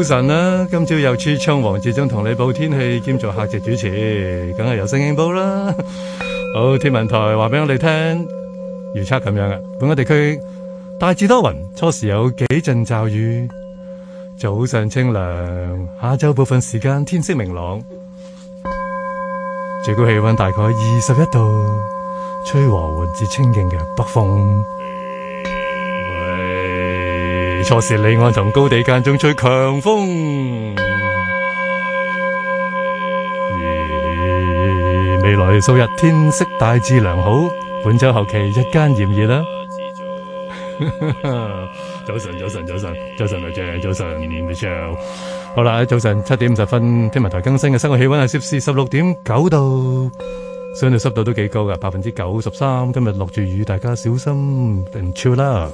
早晨啦，啊，今朝又出窗，王志忠同你報天氣兼做客席主持，梗係由《星島日報》啦。好，天文台話俾我哋聽，預測咁樣嘅，本個地區大致多雲，初時有幾陣驟雨，早上清涼，下晝部分時間天色明朗，最高氣溫大概二十一度，吹和緩至清勁嘅北風。錯是離岸同高地間中吹強風，而未來數日天色大致良好，本周後期日間炎熱啦。早晨，早晨，早晨，早晨，早晨，早晨，早晨。好啦，早晨七點五十分，天文台更新嘅室外氣溫係攝氏十六點九度，相對濕度都幾高㗎，百分之九十三。今日落住雨，大家小心淋潮啦。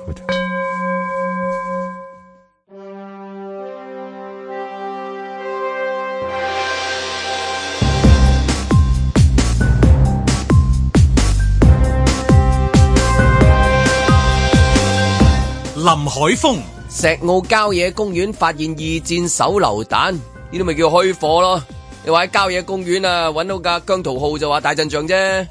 林海峰，石澳郊野公園發現二戰手榴彈，呢啲咪叫虛火咯！你話喺郊野公園啊，搵到架姜濤號就話大陣仗啫。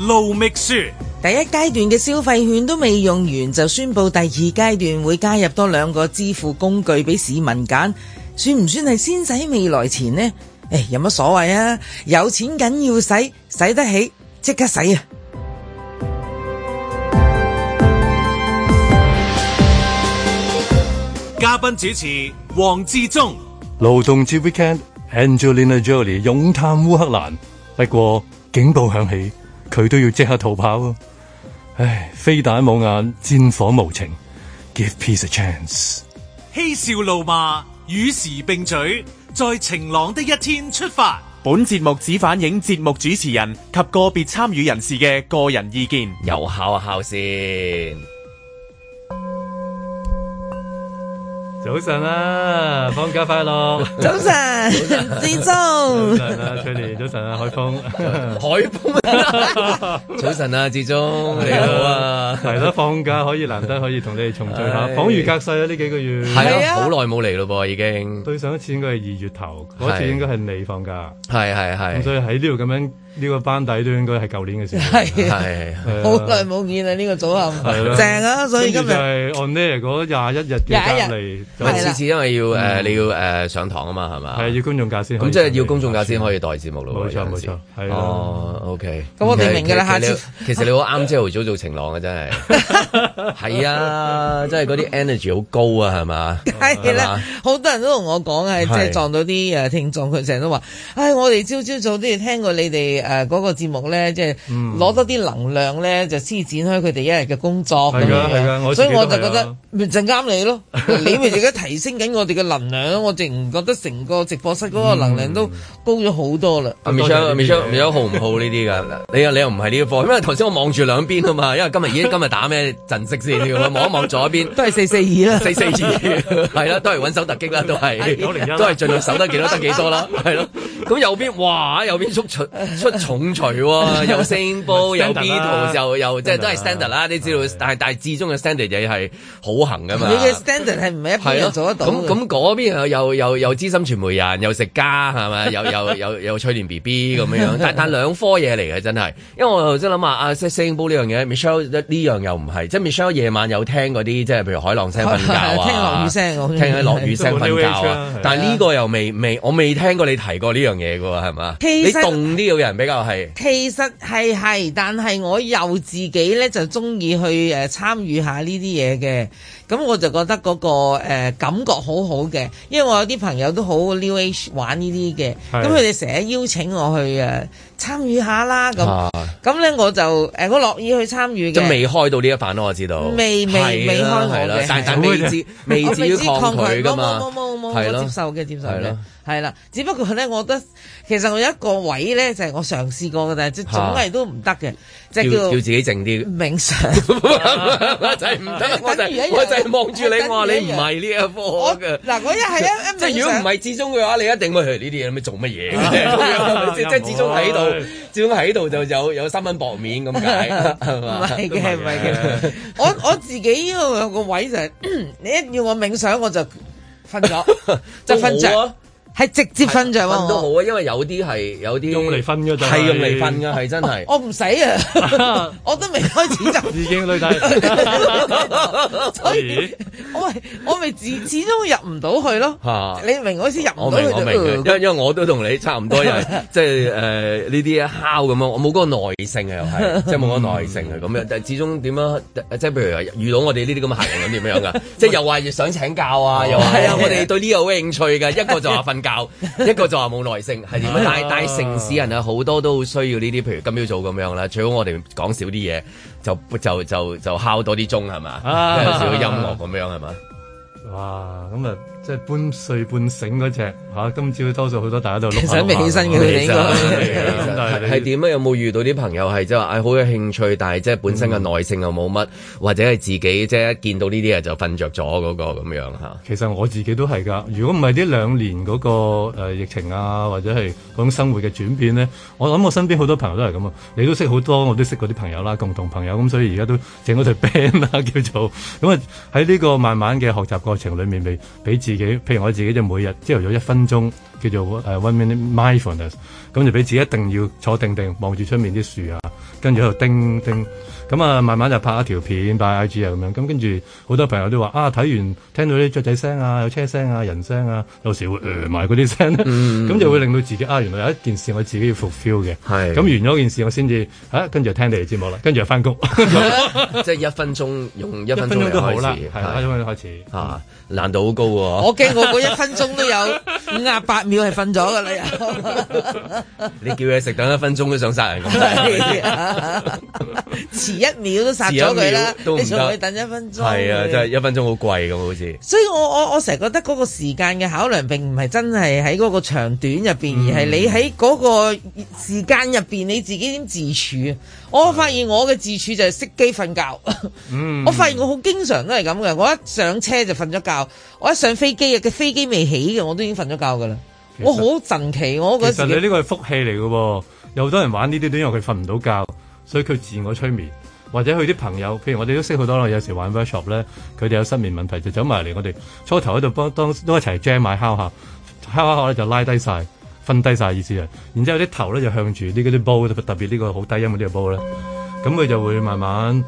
盧覓雪，第一階段嘅消費券都未用完，就宣布第二階段會加入多兩個支付工具俾市民揀，算唔算係先使未來錢呢？誒、欸，有乜所謂啊？有錢緊要使，使得起即刻使啊！嘉賓主持王志忠，勞動節 weekend，Angelina Jolie 勇探烏克蘭，不過警報響起，佢都要即刻逃跑。唉，飛彈冇眼，戰火無情。Give peace a chance。嬉笑怒罵，與時並舉，在晴朗的一天出發。本節目只反映節目主持人及個別參與人士嘅個人意見。有考一考先。早晨啊，放假快樂！早晨，志忠。早晨啊，翠蓮，早晨啊，海峰。海峰、啊。 早晨啊，志忠， 你好啊。係咯，放假可以難得可以同你哋重聚下，恍如隔世啊！呢幾個月，係啊，好耐冇嚟咯噃，已經。對上一次應該係二月頭，嗰次應該係你放假。係係係。咁所以喺呢度咁樣。呢、這個班底都應該係舊年嘅事，係係好耐冇見啦。呢、這個組合、啊啊啊，正啊！所以今日就是21日就係按咩？廿一日廿一日，唔係次次因為要誒、嗯，你要誒上堂啊嘛，係嘛？係、啊、要，要公眾假先。咁即係要公眾假先可以代節目咯。冇錯冇錯，係咯、哦啊。OK，咁我哋明㗎啦。下次其實你好啱朝早做晴朗啊！真係係 啊，真係嗰啲 energy 好高啊，係嘛？係、啊、啦，好、啊啊、多人都同我講啊，即、就、係、是、撞到啲誒聽眾，佢成日都話，唉，我哋朝朝早都要聽過你哋。誒、呃、嗰、那個節目咧，即係攞多啲能量咧，就施展開佢哋一日嘅工作咁樣。係㗎，係、啊、所以我就覺得咪、啊、就啱你咯， 你咪而家提升緊我哋嘅能量，我淨唔覺得成個直播室嗰個能量都高咗、嗯啊、好多啦。阿 Michelle 好唔好呢啲㗎？你又你又唔係呢個科，因為頭先我望住兩邊啊嘛，因為今日已經今日打咩陣式先，望 一望左邊都係四四二啦，四四二係啦，都係穩 四 42, 守突擊啦，都係都係盡量守得幾多 得幾多啦，係咯。咁 右邊哇，右邊出出。重馳喎、啊，有 s n 波， 啊、有 Beatle，又、啊、即係都係 standard 啦、啊，你知道，是但係但係至中嘅 standard 嘢係好行噶嘛。你嘅 standard 係唔係？係咯，做得到。咁咁嗰邊又又又資深傳媒人，又食家係咪？又又又又催眠 BB 咁樣，但但兩科嘢嚟嘅真係。因為我即係諗下啊 s i n g 波呢樣嘢，Michelle 呢樣樣又唔係，即 Michelle 夜晚有聽嗰啲即係譬如海浪聲瞓、啊嗯、覺啊，聽落雨聲，聽落雨聲瞓覺但呢個又未未，我未聽過你提過呢樣嘢嘅喎，係嘛？你動啲有人。比較係，其實係係，但係我又自己呢，就中意去誒參與下呢啲嘢嘅。咁我就覺得嗰個感覺好好嘅，因為我有啲朋友都好 New Age 玩呢啲嘅，咁佢哋成日邀請我去誒參與下啦，咁咁咧我就誒好樂意去參與嘅。就未開到呢一版咯，我知道。未未未開我嘅，但但未知未知抗拒㗎嘛，冇冇冇冇，我接受嘅，接受嘅，係啦。只不過咧，我覺得其實我有一個位咧，就係我嘗試過嘅，但係總係都唔得嘅。即係叫自己靜啲冥想，明 我就係唔得。我就我就望住你，我話你唔係呢一科嘅。嗱，我一係咧，即係 如果唔係志忠嘅話，你一定會去呢啲嘢，咪做乜嘢？即係志忠喺度，志忠喺度就有有三分薄面咁解。係嘛？唔係嘅，唔係嘅。 我我自己個位就係、是、 你一要我冥想，我就瞓咗，即係瞓着。係直接瞓著，瞓都好啊，因為有啲係有啲用嚟瞓噶，就係用嚟瞓噶，係真係。我唔使啊，我， 我都未開始就已 經都理睇 ，我我咪始始終入唔到去咯。 你明我意思入唔到去就？明白明白 因為因為我都同你差唔多、就是，又 即係誒呢啲敲咁樣，我冇嗰個耐性啊，又係即係冇嗰個耐性啊，咁樣。但係始終點樣？即係譬如遇到我哋呢啲咁嘅客人咁點樣噶？ 即係又話要想請教啊，哦、又話係啊，啊 我哋對呢個好興趣噶， 一個就話瞓 一個就話冇耐性係點？但係城市人啊，好多都需要呢啲，譬如今朝早咁樣啦。最好我哋講少啲嘢，就就就就敲多啲鐘係嘛， 有少少音樂咁樣係嘛？ 哇！咁啊～即係半睡半醒嗰隻吓，今朝多數好多大家就碌下碌下起身嘅。其實係點？嗯、啊？有冇遇到啲朋友係即係話好有興趣，但係即係本身嘅耐性又冇乜，嗯，或者係自己即係、就是、一見到呢啲嘢就瞓着咗嗰個咁樣吓？其實我自己都係㗎，如果唔係呢兩年嗰，那個、啊、疫情啊，或者係嗰種生活嘅轉變咧，我諗我身邊好多朋友都係咁啊！你都識好多，我都識嗰啲朋友啦，共同朋友咁，啊，所以而家都整咗隊 band 啦，啊，叫做咁啊！喺呢個慢慢嘅學習過程裏面，咪俾自譬如我自己就每日朝頭早有一分鐘，叫做誒 uh, one minute mindfulness，m 咁就俾自己一定要坐定定，望住出面啲樹啊，跟住喺度叮叮。咁啊慢慢就拍一條片，擺 IG 啊咁樣，咁跟住好多朋友都話啊睇完聽到啲雀仔聲啊，有車聲啊，人聲啊，有時會埋嗰啲聲咧，咁、嗯、就會令到自己啊原來有一件事我自己要復 feel 嘅，係咁完咗件事我先至吓，跟、啊、住就聽第二節目啦，跟住就翻工， 即係一分鐘用一分鐘都好啦，係一分鐘都開始啊。難度好高喎、啊！我驚我嗰一分鐘都有五十八秒係瞓咗噶啦，又你叫佢食等一分鐘都想殺人咁滯，遲、啊、 一秒都殺咗佢啦！你仲佢等一分鐘？係啊，真係一分鐘好貴咁，好似。所以我我我成日覺得嗰個時間嘅考量並唔係真係喺嗰個長短入邊、嗯，而係你喺嗰個時間入邊你自己點自處。我發現我嘅自處就係熄機瞓覺。嗯、 我發現我好經常都係咁嘅。我一上車就瞓咗覺，我一上飛機嘅飛機未起嘅我都已經瞓咗覺㗎喇。我好神奇，我覺得。其實你呢個係福氣嚟嘅喎，有好多人玩呢啲，都因為佢瞓唔到覺，所以佢自我催眠，或者佢啲朋友，譬如我哋都識好多，有時玩 workshop 咧，佢哋有失眠問題就走埋嚟我哋初頭喺度幫當都一齊 jam 埋敲下敲下敲咧就拉低晒。分低晒意思啊！然之後啲頭咧就向住呢啲波，特別呢個好低音嗰啲嘅波咧，咁佢就會慢慢，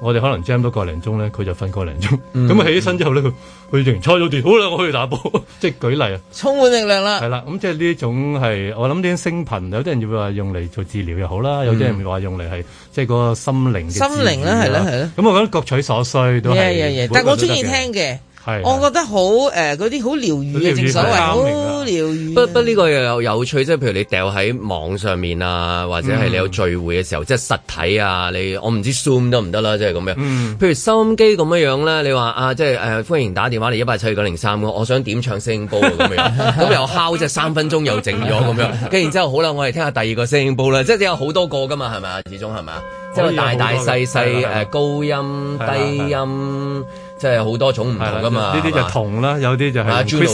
我哋可能 jam 到個零鐘咧，佢就瞓個零鐘。咁、嗯、佢起起身之後咧，佢佢完充咗電，好啦，我去打波、 嗯。即係舉例啊，充滿力量啦。係啦，咁即係呢種係我諗啲聲頻，有啲人要會話用嚟做治療又好啦，有啲人會話用嚟係即係個心靈。心靈啦，係啦，係啦。咁我覺得各取所需都係。但我中意聽嘅。我覺得好誒，嗰啲好療癒嘅，正所謂好療癒。不不，呢、這個又有趣，即係譬如你掉喺網上面啊，或者係你有聚會嘅時候，嗯、即係實體啊，你我唔知 Zoom 得唔得啦，即係咁樣。嗯。譬如收音機咁樣樣咧，你話啊，即係誒、啊，歡迎打電話嚟一八七九零三，我想點唱聲波咁、啊、樣，咁 又敲即係三分鐘又整咗咁樣，跟 然後之後好啦，我哋聽下第二個聲波啦，即係有好多個噶嘛，係咪啊？始終係咪即係大大細細誒，高音低音。即係好多種唔同㗎嘛，呢啲就銅啦，有啲就係、啊、水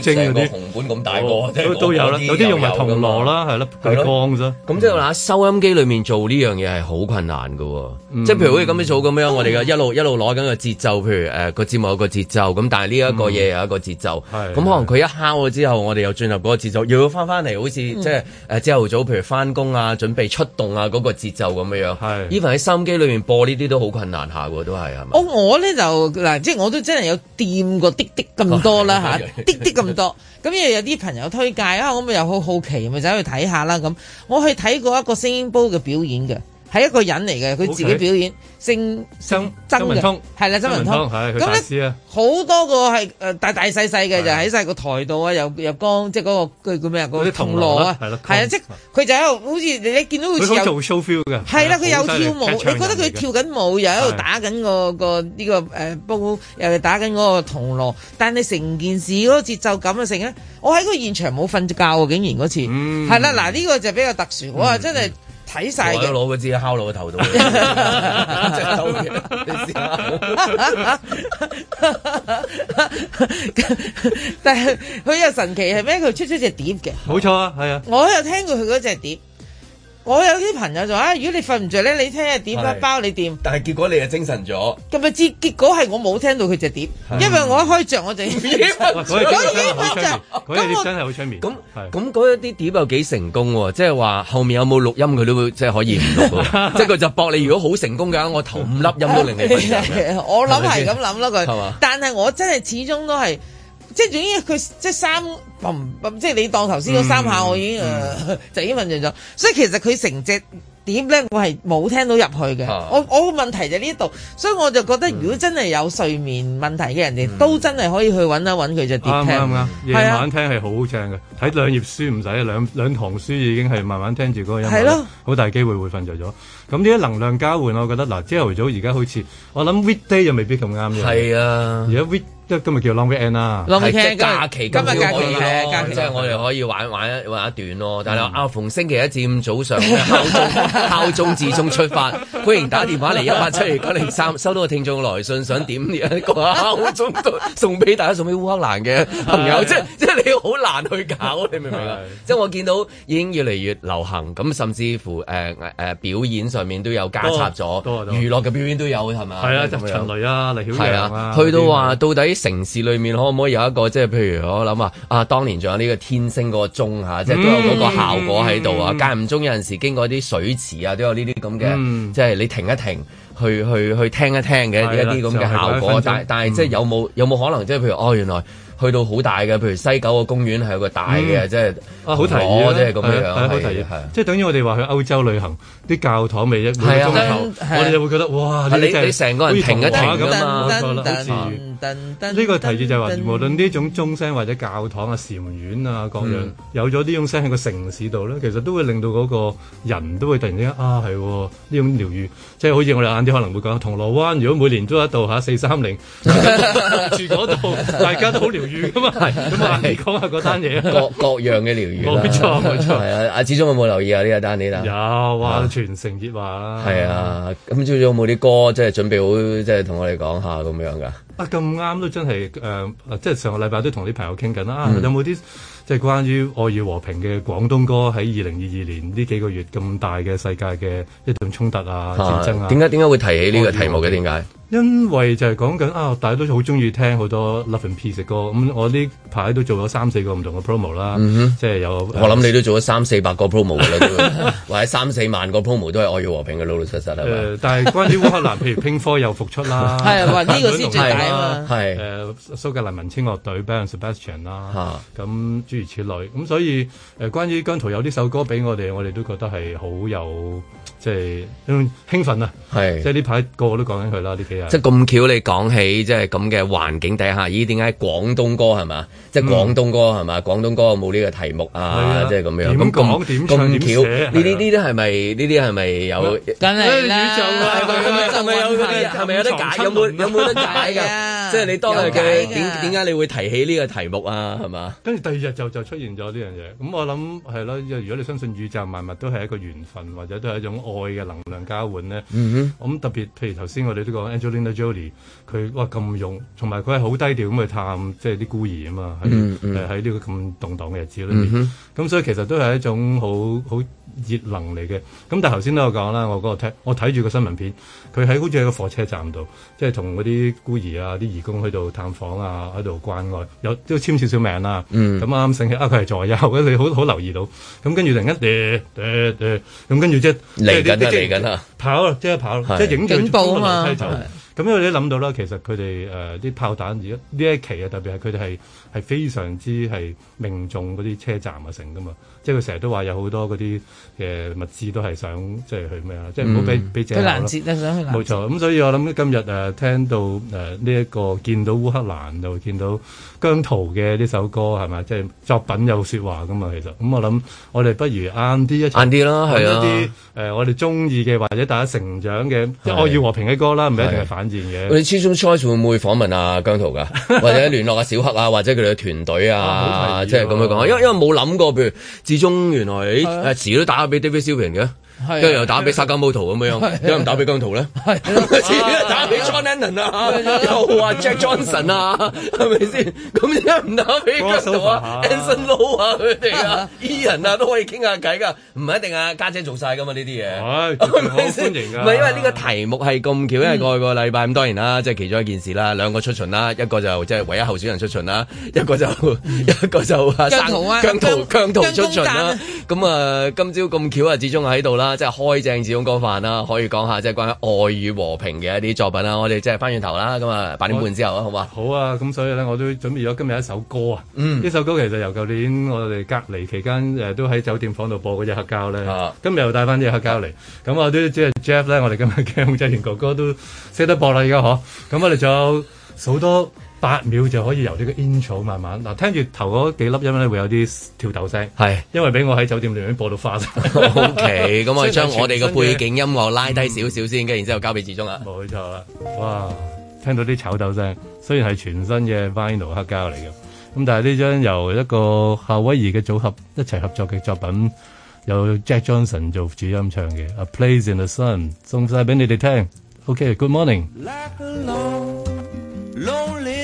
晶嗰啲紅盤咁大個，哦、個都有啦，有啲用埋銅鑼啦，係啦，鋁鋼啫。咁即係嗱，嗯、收音機裡面做呢樣嘢係好困難嘅、啊，嗯、即係譬如好似咁樣做咁樣，嗯、我哋一路一路攞緊個節奏，譬如誒個、呃、節目有個節奏，咁但係呢一個嘢有一個節奏，咁、嗯嗯、可能佢一敲咗之後，我哋又進入嗰個節奏，又要翻翻嚟，好似、嗯、即係誒朝頭早，譬如翻工啊，準備出動啊嗰、那個節奏咁樣。even 喺收音機裡面播呢啲都好困難下、啊，都係係咪？我咧就。嗱，即係我都真係有掂過滴滴咁多啦吓，滴滴咁多，咁、啊啊嗯、 又有啲朋友推介啊，我咪又好好奇，咪走去睇下啦咁。我去睇過一個聲音波嘅表演嘅。係一個人嚟嘅，佢、okay、自己表演，姓姓曾嘅，係啦，曾文通，咁咧，好多個係誒大大細細嘅，就喺晒個台度啊，又入江，即係、那、嗰個佢叫咩嗰個銅鑼啊，係咯，啊，即係佢就喺度好似你見到佢，佢好似 show feel 嘅，係啦，佢有跳舞，你覺得佢跳緊舞又喺度打緊個個呢個誒布，又係打緊嗰、那個銅鑼，但係成件事嗰個節奏感啊，成啊，我喺個現場冇瞓覺啊，竟然嗰次，係、嗯、啦，嗱呢、這個就比較特殊，嗯、我啊真係。嗯睇晒我攞個支敲落個頭度，真係走完。但係佢又神奇係咩？佢出咗隻碟嘅，冇錯啊，係啊，我有聽過佢嗰隻碟。我有啲朋友就話、哎，如果你瞓唔着咧，你聽日點啊？包你掂。但係結果你又精神咗。咁咪知結果係我冇聽到佢隻碟，因為我一開着，我就。咁真係好催眠。咁咁嗰一啲碟又幾成功喎，即係話後面有冇錄音佢都會即係可以唔錄，即係佢就博你。如果好成功嘅話，我頭五粒音都令你瞓著。 我諗係咁諗咯，佢。但係我真係始終都係。即係總之佢即係三，即係你當頭先嗰三下，我已經、嗯嗯、 就已經瞓着咗。所以其實佢成隻碟咧，我係冇聽到入去嘅。我我個問題就呢一度，所以我就覺得如果真係有睡眠問題嘅人哋、嗯，都真係可以去搵一搵佢隻碟聽啱啱啱，夜、嗯嗯嗯嗯、晚聽係好正嘅。睇、啊、兩頁書唔使，兩兩堂書已經係慢慢聽住嗰個音。係咯、啊，好大機會會瞓着咗。咁呢啲能量交換，我覺得嗱，朝頭早而家好似，我諗 weekday 又未必咁啱嘅。係啊，而家即係今日叫 long weekend 啦、啊，假期咁，今日假期係假期，即係我哋可以玩玩一玩一段咯。但係阿、嗯、逢星期一至五早上，校中校 中自從出發，歡迎打電話嚟一八七二九零三。收到個聽眾來信，想點呢一個校中都送俾大家，送俾烏克蘭嘅朋友，啊、即係即係你好難去搞，你明唔明啊？即係我見到已經越嚟越流行，咁甚至乎誒誒、呃呃呃、表演上面都有加插咗，娛樂嘅表演都有係咪？係啊，陳雷啊，黎曉陽啊，去到話到底。城市裏面可唔可以有一個即係，譬如我諗啊，啊當年仲有呢個天星嗰個鐘吓，即係都有嗰個效果喺度啊。間、嗯、唔、嗯嗯、中有陣時經過啲水池啊，都有呢啲咁嘅，即、嗯、係、就是、你停一停去去去，去聽一聽嘅一啲咁嘅效果。就是、但但係即係有冇有冇、嗯、可能即係，譬如哦，原來去到好大嘅，譬如西九個公園係有一個大嘅，即、嗯、係、就是、好提議即係咁樣樣即係等於我哋話去歐洲旅行。啲教堂未一每個鐘頭、啊，我哋就會覺得哇！啊、你你成個人停一停咁啊，冇錯啦。呢、嗯嗯嗯嗯嗯嗯嗯，這個提議就係話，無論呢種鐘聲或者教堂啊、禪院啊、各樣、嗯、有咗呢種聲喺個城市度咧，其實都會令到嗰個人都會突然之間啊，係呢、啊、種療愈，即、就、係、是、好似我哋晏啲可能會講，銅鑼灣如果每年都一度嚇四三零住嗰度，大家都好療愈㗎嘛，咁、 啊啊啊、嘛？嚟講下嗰單嘢，各各樣嘅療愈冇錯冇錯。係 啊，阿始終有冇留意啊？呢個單嘢有哇。全城熱話啦，係啊！咁朝早有冇啲歌即係準備好，即係同我哋講下咁樣噶？啊咁啱都真係、呃、即係上個禮拜都同啲朋友傾緊啦。有冇啲即係關於愛與和平嘅廣東歌？喺二零二二年呢幾個月咁大嘅世界嘅一段衝突啊，啊戰爭啊？點解點解會提起呢個題目嘅？點解？因為就係講緊啊，大家都好中意聽好多 Love and Peace 嘅歌，咁、嗯、我呢排都做咗三四個唔同嘅 promo 啦、嗯，即係有我諗你都做咗三四百個 promo 啦， 或者三四萬個 promo 都係愛與和平嘅，老老實實係、呃、但係關於烏克蘭， 譬如 Pink Floyd 又復出啦，係 呢、啊、個先最大啊嘛。係誒，蘇、呃、格蘭文青樂隊 Belle and Sebastian 啦，咁、啊、諸如此類，咁、嗯、所以誒、呃，關於姜濤有呢首歌俾我哋，我哋都覺得係好有。即係興興奮啊！係，即係呢排個個都講緊佢啦，呢幾日。即係咁巧，你講起即係咁嘅環境底下，咦？點解廣東歌係嘛？即係廣東歌係嘛？廣東歌有冇呢個題目啊，即係咁樣。點講點？咁巧呢啲呢啲係咪？呢啲係咪有？梗係啦，宇宙啊，係咪有嗰啲？係咪有得解？有冇有冇得解㗎？即係你當日嘅點點解你會提起呢個題目啊？係嘛？跟住第二日就就出現咗呢樣嘢。咁我諗係咯，因為如果你相信宇宙萬物都係一個緣分，或者都係一種愛。愛嘅能量交換咧，咁、嗯、特別，譬如頭先我哋呢講 Angelina Jolie，佢哇咁勇，同埋佢係好低調咁去探，即係啲孤兒啊嘛，喺喺呢個咁動盪嘅日子裏面，咁、嗯嗯、所以其實都係一種好好熱能嚟嘅。咁但係頭先都有講啦，我，嗰個睇，我睇住個新聞片，佢喺好似喺個火車站度，即係同嗰啲孤兒啊、啲義工喺度探訪啊，喺度關愛，有都簽少少名啦。咁啱醒起啊，佢係在休，你好好留意到。咁跟住突然間，咁跟住即係緊都嚟緊啦，即跑即係跑，即係影像報啊嘛，咁樣我哋諗到啦。其實佢哋誒啲炮彈，而家呢一期啊，特別係佢哋係。係非常之係命中嗰啲車站啊成㗎嘛，即係佢成日都話有好多嗰啲誒物資都係想即係去咩啊、嗯？即係唔好俾俾攔截啦。想去冇錯，咁所以我諗今日誒聽到誒呢一個見到烏克蘭就見到姜濤嘅呢首歌係咪？即係作品有説話㗎嘛，其實咁、嗯、我諗我哋不如啱啲一齊，啱啲啦，揾一啲誒、啊、我哋中意嘅或者大家成長嘅。即係愛與和平嘅歌啦，唔一定係反戰嘅。你最終 choice 會唔會訪問阿、啊、姜濤㗎， 或者聯絡阿小黑啊，或者？佢哋嘅團隊啊，即係咁樣講，因為因為冇諗過，譬如至終原來誒遲都打俾 David Stephen 嘅。跟住又打俾、啊、沙加姆圖咁樣樣，唔、啊、打俾姜圖咧，啊、 打俾 John Lennon 啊，啊，啊，又話、啊、Jack Johnson 啊，係咪先？咁一唔打俾姜濤啊 a n d e n s o n 啊，佢哋啊，E 人啊，啊，啊，啊，啊，啊，啊，啊都可以傾下偈噶，唔係一定啊，家姐，姐做晒噶嘛呢啲嘢，係咪先？唔係、啊 啊啊、因為呢個題目係咁巧，因為過去個禮拜咁當然啦，即、就、係、是、其中一件事啦，兩個出巡啦，一個就即係唯一候選人出巡啦，一個就 一個就啊，姜濤姜圖出巡啦，咁啊今朝咁巧啊，始終喺度啦。即係開正子勇歌飯啦，可以講下即係關於愛與和平嘅一啲作品啦。我哋即係翻轉頭啦，咁啊八點半之後啦，好嘛？好啊，咁所以咧，我都準備咗今日一首歌啊。嗯，呢首歌其實由舊年我哋隔離期間誒、呃、都喺酒店房度播嗰隻黑膠咧、啊。今日又帶翻隻黑膠嚟。咁我都即係 Jeff 咧，我哋今日嘅控制員哥哥都識得播啦，而家嗬。咁我哋仲有好多。八秒就可以由呢個 intro 慢慢嗱。聽住頭嗰幾粒音咧會有啲跳豆聲，係因為俾我喺酒店裏面播到花。OK，咁我將我哋嘅背景音樂拉低少少先，跟、嗯、住然之後交俾志中。啊，冇錯啦。哇，聽到啲炒豆聲，雖然係全新嘅 Vinyl 黑膠嚟嘅，咁但係呢張由一個夏威夷嘅組合一齊合作嘅作品，由 Jack Johnson 做主音唱嘅 A Place in the Sun，送晒俾你哋聽 Okay，Good Morning。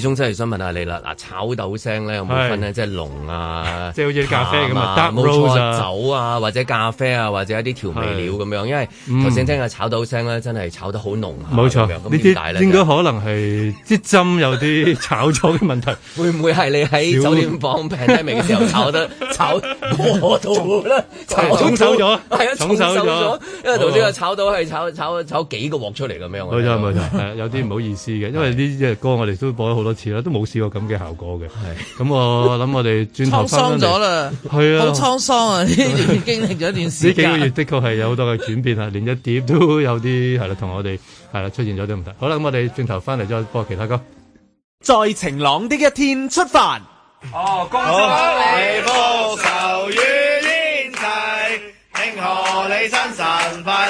始終真係想問，問下你啦，嗱，炒豆聲咧有冇分咧？即係濃啊，即係好似咖啡咁啊，冇錯、啊，酒啊或者咖啡啊或者一啲調味料咁樣。因為頭先聽下炒豆聲咧，真係炒得好濃、啊，冇錯。這呢啲大。應該可能係啲針有啲炒咗嘅問題，會唔會係你喺酒店放平低微嘅時候炒得炒過頭 炒重咗，係 啊炒 炒 炒， 重手咗。因為頭先話炒豆係炒 炒炒，炒幾個鑊出嚟咁樣。冇錯冇錯， 有啲唔好意思嘅，因為呢隻歌我哋都播咗好多。多次啦，都冇試過咁嘅效果嘅。係，咁我諗我哋轉頭。滄桑咗啦，係啊，好滄桑啊！呢段經歷咗一段時間，呢幾個月的確係有好多嘅轉變啊，連隻碟都有啲係啦，同我哋係啦出現咗啲問題。好啦，咁我哋轉頭翻嚟再播其他歌。在晴朗的一天出發。哦，恭喜你！福壽與天齊，慶賀你生辰快。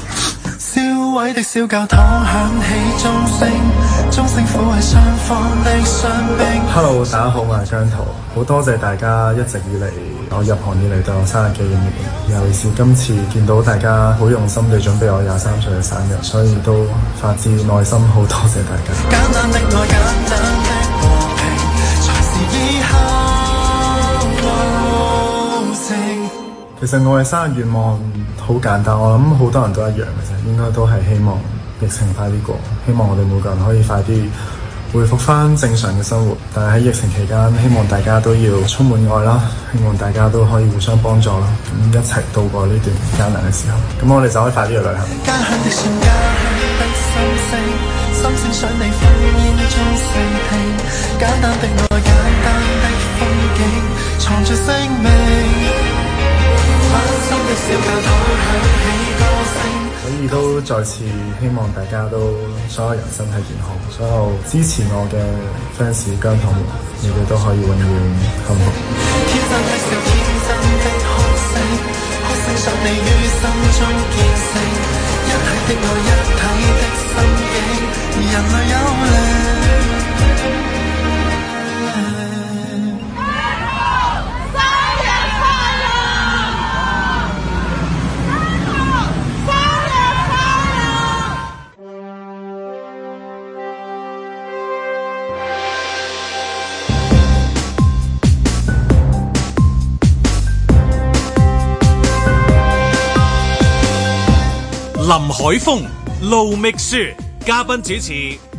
燒毀的小教堂響起鐘聲，鐘聲撫慰雙方的傷兵。Hello，大家好，我係姜濤，好多謝大家一直以嚟，我入行以嚟對我生日紀念，尤其是今次見到大家好用心地準備我廿三歲嘅生日，所以都發自內心好多謝大家。的其實我嘅生日願望好簡單，我諗好多人都一樣嘅啫，應該都係希望疫情快啲過，希望我哋每個人可以快啲恢復翻正常嘅生活。但係喺疫情期間，希望大家都要充滿愛啦，希望大家都可以互相幫助啦，咁一齊度過呢段艱難嘅時候。咁我哋就可以快啲去旅行。所以都再次希望大家都所有人身體健康，所有支持我嘅 fans 薑糖們，你哋都可以永遠幸福。天生的林海峰、盧覓雪，嘉賓主持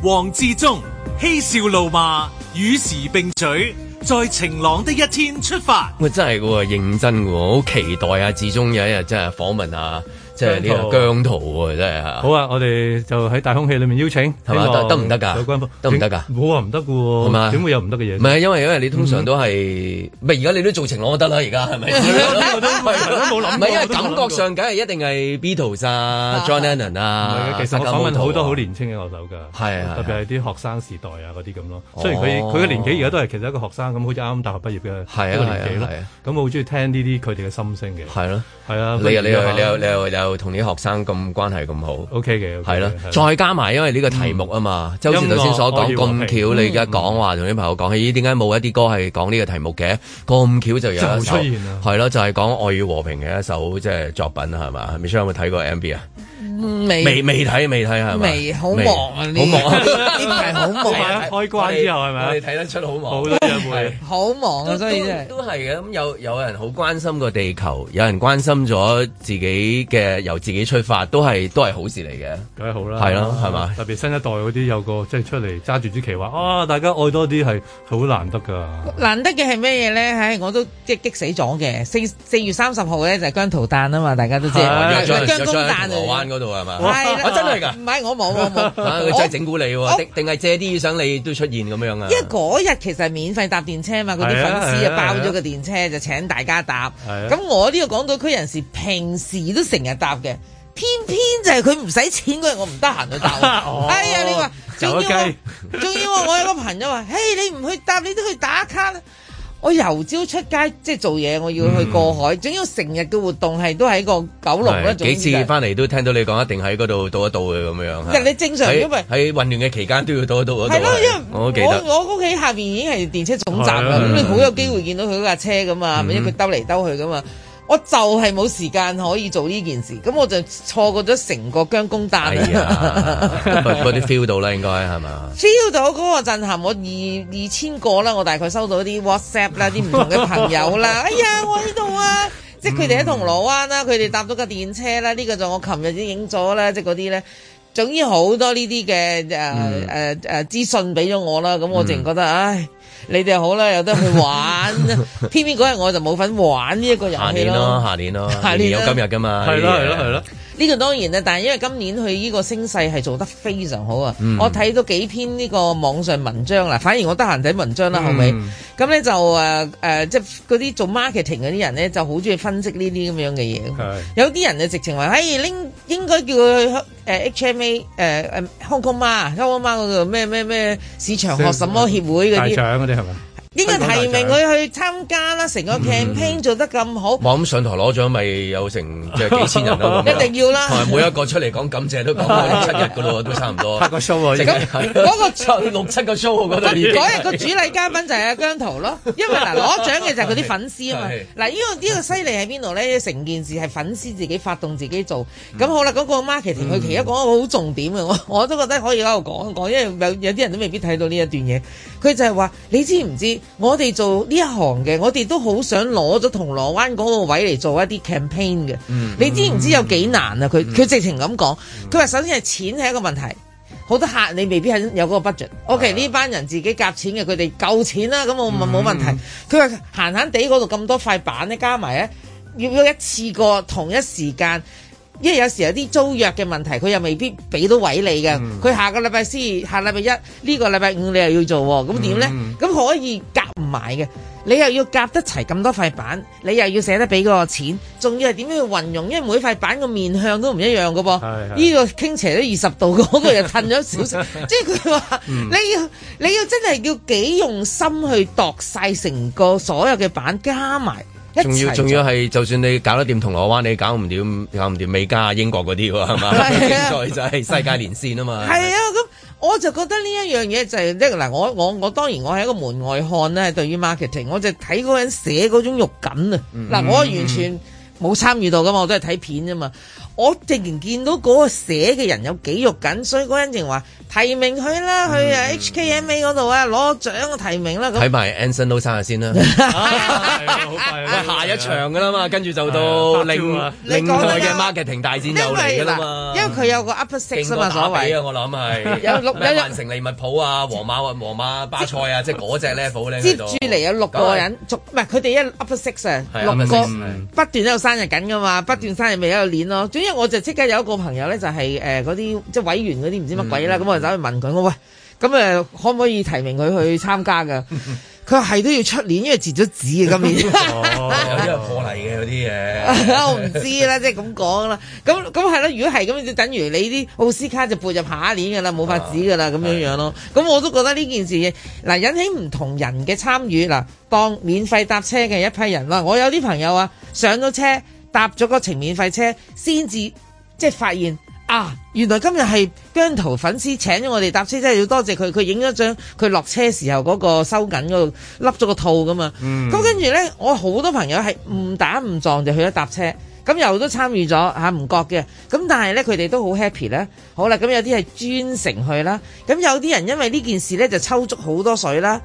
黃志忠，嬉笑怒罵，與時並舉，在晴朗的一天出發。真我真係嘅，認真喎，好期待啊！志忠有一日真係訪問啊！即係呢個姜濤喎，真係啊！好啊，我哋就喺大空氣裏面邀請，係嘛？得唔得㗎？有關、啊、方得唔得㗎？冇話唔得嘅喎，係點、啊啊、會有唔得嘅嘢？唔係因為因為你通常都係唔係而家你都做情郎得啦？而家係咪？ 我都我都冇諗。唔 係因為感覺上，梗係一定係 Beatles 啊，啊，John Lennon 啊。其實我訪問好多好年輕嘅樂手㗎，係、啊啊、特別係啲學生時代啊嗰啲咁咯。雖然佢佢嘅年紀而家都係其實一個學生咁，好似啱啱大學畢業嘅一個年紀啦。咁、啊啊啊啊、我好中意聽呢啲佢哋嘅心聲嘅。係咯、啊，係啊，啊。你啊，你啊，你啊，你啊，你。就同啲學生咁關係咁好，OK 嘅，係咯。再加埋，因為呢個題目啊嘛，即好似頭先所講咁巧，你而家講話同啲朋友講起，咦？點解冇一啲歌係講呢個題目嘅？咁巧就有，係咯，就係講愛與和平嘅、嗯嗯、一,一首即係、啊就是就是、作品係，係嘛？Michelle 有冇睇過 MV 啊？未未睇未睇係咪？未，未，未，未係係好忙啊！呢排係好忙。開關之後係咪？我哋睇得出好忙。冇 好忙啊！所以、就係、都係嘅。咁有有人好關心個地球，有人關心咗自己嘅由自己出發，都係都係好事嚟嘅。梗係好啦。係咪、啊？係嘛、啊啊啊啊啊啊啊啊？特別新一代嗰啲有個即係、就係、出嚟揸住支旗話啊，啊，大家愛多啲係好難得㗎、啊。難得嘅係咩嘢咧？我都即係激，激死咗嘅。四四月三十號咧就係、姜濤誕啊嘛，大家都知。啊啊、姜濤灣度、啊。係、啊啊、真係噶，唔係我冇我冇，我，我、 啊、真係整蠱你喎，定係係借啲要想你都出現咁樣啊？因為嗰日其實係免費搭電車嘛，嗰啲粉絲啊包咗個電車就請大家搭。咁、啊啊啊、我呢個港島區人士平時都成日搭嘅，偏偏就係佢唔使錢嗰日我唔得閒去搭。哎 呀、哦啊，你話仲要仲要我， 要我，我有個朋友話：，嘿、 hey,，你唔去搭，你都去打卡啦。我由朝出街即係做嘢，我要去過海，總之成日嘅活動係都喺個九龍度。幾次翻嚟都聽到你講，一定喺嗰度倒一倒嘅咁樣。其實你正常，因為喺混亂嘅期間都要倒一倒度。係咯，因為我我屋企下面已經係電車總站啦，咁你好有機會見到佢架車噶嘛，因為佢兜嚟兜去噶嘛。我就係冇時間可以做呢件事，咁我就錯過咗成個姜濤誕。係、哎、啊，嗰啲 feel 到啦，應該係嘛？feel 到嗰個震撼，我二二千個啦，我大概收到啲 WhatsApp 啦，啲唔同嘅朋友啦。 哎呀，我喺度啊，嗯、即係佢哋喺銅鑼灣啦，佢哋搭到架電車啦，呢、這個就我琴日已經影咗啦，即係嗰啲咧，總之好多呢啲嘅誒誒誒資訊俾咗我啦，咁我淨覺得、嗯、唉。你哋好啦，有得去玩。偏偏嗰日我就冇份玩呢一個遊戲咯。下年咯，下年，年，年，年有今日噶嘛？係啦，係啦，係啦。Yeah. 呢、這個當然啦，但係因為今年佢呢個聲勢係做得非常好啊，嗯！我睇到幾篇呢個網上文章啦，反而我得閒睇文章啦，後尾咁咧就誒誒、呃，即係嗰啲做 marketing 嗰啲人咧，就好中意分析呢啲咁樣嘅嘢。有啲人就直情話，哎，拎應該叫佢去誒、呃、HMA 誒誒 Hong Kong 媽 Hong Kong 媽嗰個咩咩咩市場學什麼協會嗰啲。大嗰啲係咪？應該提名佢去參加啦，成個 campaign 做得咁好，我、嗯、咁、嗯嗯嗯、上台攞獎咪有成幾千人 一定要啦。每一個出嚟講感謝都講六 七日噶咯，都差唔多。發 個數喎，咁嗰、那個 六七個數，我覺得嗰日個主禮嘉賓就係阿姜濤咯，因為嗱，攞獎嘅就係佢啲粉絲啊嘛。嗱， 因為個裡呢個呢個犀利喺邊度咧？成件事係粉絲自己發動自己做，咁、嗯、好啦。嗰個 marketing 佢其中一個好重點嘅，我我都覺得可以喺度講一講，因為有有啲人都未必睇到呢一段嘢。佢就係話，你知唔知？我哋做呢一行嘅，我哋都好想攞咗銅鑼灣嗰個位嚟做一啲 campaign 嘅、嗯。你知唔知有幾難啊？佢、嗯、佢直情咁講，佢、嗯、話首先係錢係一個問題，好多客你未必係有嗰個 budget、啊。OK，呢班人自己夾錢嘅，佢哋夠錢啦、啊，咁我冇問題。佢、嗯、話閒閒地嗰度咁多塊板咧，加埋咧，要唔要一次過同一時間？因為有時有啲租約嘅問題，佢又未必俾到位你嘅。佢、嗯、下個禮拜先，下禮拜一呢、呢個禮拜五你又要做，咁點呢？咁、嗯、可以夾唔埋嘅，你又要夾得齊咁多塊板，你又要捨得俾嗰個錢，仲要係點樣去運用？因為每塊板個面向都唔一樣嘅噃。呢個傾斜咗二十度，嗰、嗰個又褪咗少少。 即係佢話你要你要真係要幾用心去度晒成個所有嘅板加埋。仲要仲要係，就算你搞得掂銅鑼灣，你搞唔掂搞唔掂美加英國嗰啲喎，係嘛？現在、啊、就係世界連線啊嘛。係啊，咁、啊啊、我就覺得呢一樣嘢就係，即嗱，我我我當然我係一個門外漢咧，對於 marketing，我就睇嗰人寫嗰種肉緊啊。嗱、嗯嗯，我完全冇參與到㗎嘛，我都係睇片啫嘛。我突然見到嗰個寫嘅人有幾肉緊，所以嗰陣時話提名佢啦，去 H K M A 嗰度啊攞獎提名啦。睇埋 Anson 都生日先啦， 下一場噶啦嘛，跟住就到另你講嘅另外嘅 marketing 大戰又嚟噶啦嘛，因為佢有個 upper six 啊嘛，所謂啊我諗係 有六曼城利物浦啊、皇馬皇馬巴塞啊， 即係隻 level 咧。接住嚟有六個人，唔係佢哋一 upper six 啊，六個、嗯、不斷喺度生日緊噶嘛，不斷生日咪喺度鏈咯，因為我就即刻有一個朋友咧，就是，就係誒嗰啲即係委員嗰啲唔知乜鬼啦，咁、嗯、我就走去問佢，喂，咁誒可唔可以提名佢去參加噶？佢 係都要出年，因為截咗紙啊，今年、哦、 有啲破例嘅嗰啲嘢， 我唔知啦，即係咁講啦。咁咁係咯，如果係咁，就等於你啲奧斯卡就撥入下一年噶啦，冇法子噶啦，咁樣樣咯。咁我都覺得呢件事嗱引起唔同人嘅參與嗱，當免費搭車嘅一批人啦，我有啲朋友啊上咗車。搭咗個程免費車，先至即係發現啊！原來今日係姜濤粉絲請咗我哋搭車，真係要多謝佢。佢影咗張佢落車時候嗰個收緊嗰度甩咗個套噶嘛。咁跟住呢，我好多朋友係誤打誤撞就去咗搭車。咁又都參與咗吓，唔覺嘅。咁但係呢，佢哋都好 happy 呢。好啦，咁有啲係專程去啦。咁有啲人因為呢件事呢，就抽足好多水啦，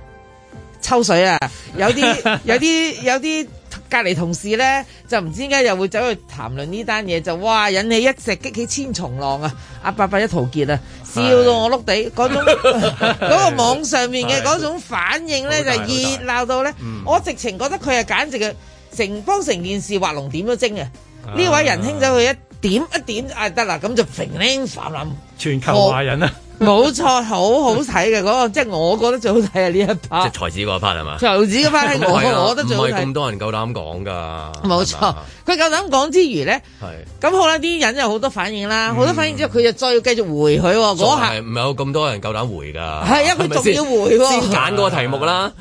抽水啊！有啲有啲有啲。隔離同事咧就唔知點解又會走去談論呢單嘢，就哇引起一石激起千重浪啊！阿伯伯一陶傑啊，笑到我碌地嗰種嗰個網上面嘅嗰種反應咧，就熱鬧到咧，我直情覺得佢係簡直嘅成幫成件事畫龍點咗睛嘅。呢位仁兄走去一點,點一點啊得啦，咁就平 l i n 泛濫全球華人啊！冇 錯，好好睇嘅嗰個，即係我覺得最好睇係呢一 part，即係才子嗰 part 係嘛？才子嗰 part， 我我都最唔係咁多人夠膽講噶。冇錯，佢夠膽講之餘咧，係咁好啦，啲人有好多反應啦，好、嗯、多反應之後，佢就再要繼續回佢嗰下，唔、嗯嗰個、有咁多人夠膽回噶，係因為佢仲要回是是先揀嗰個題目啦，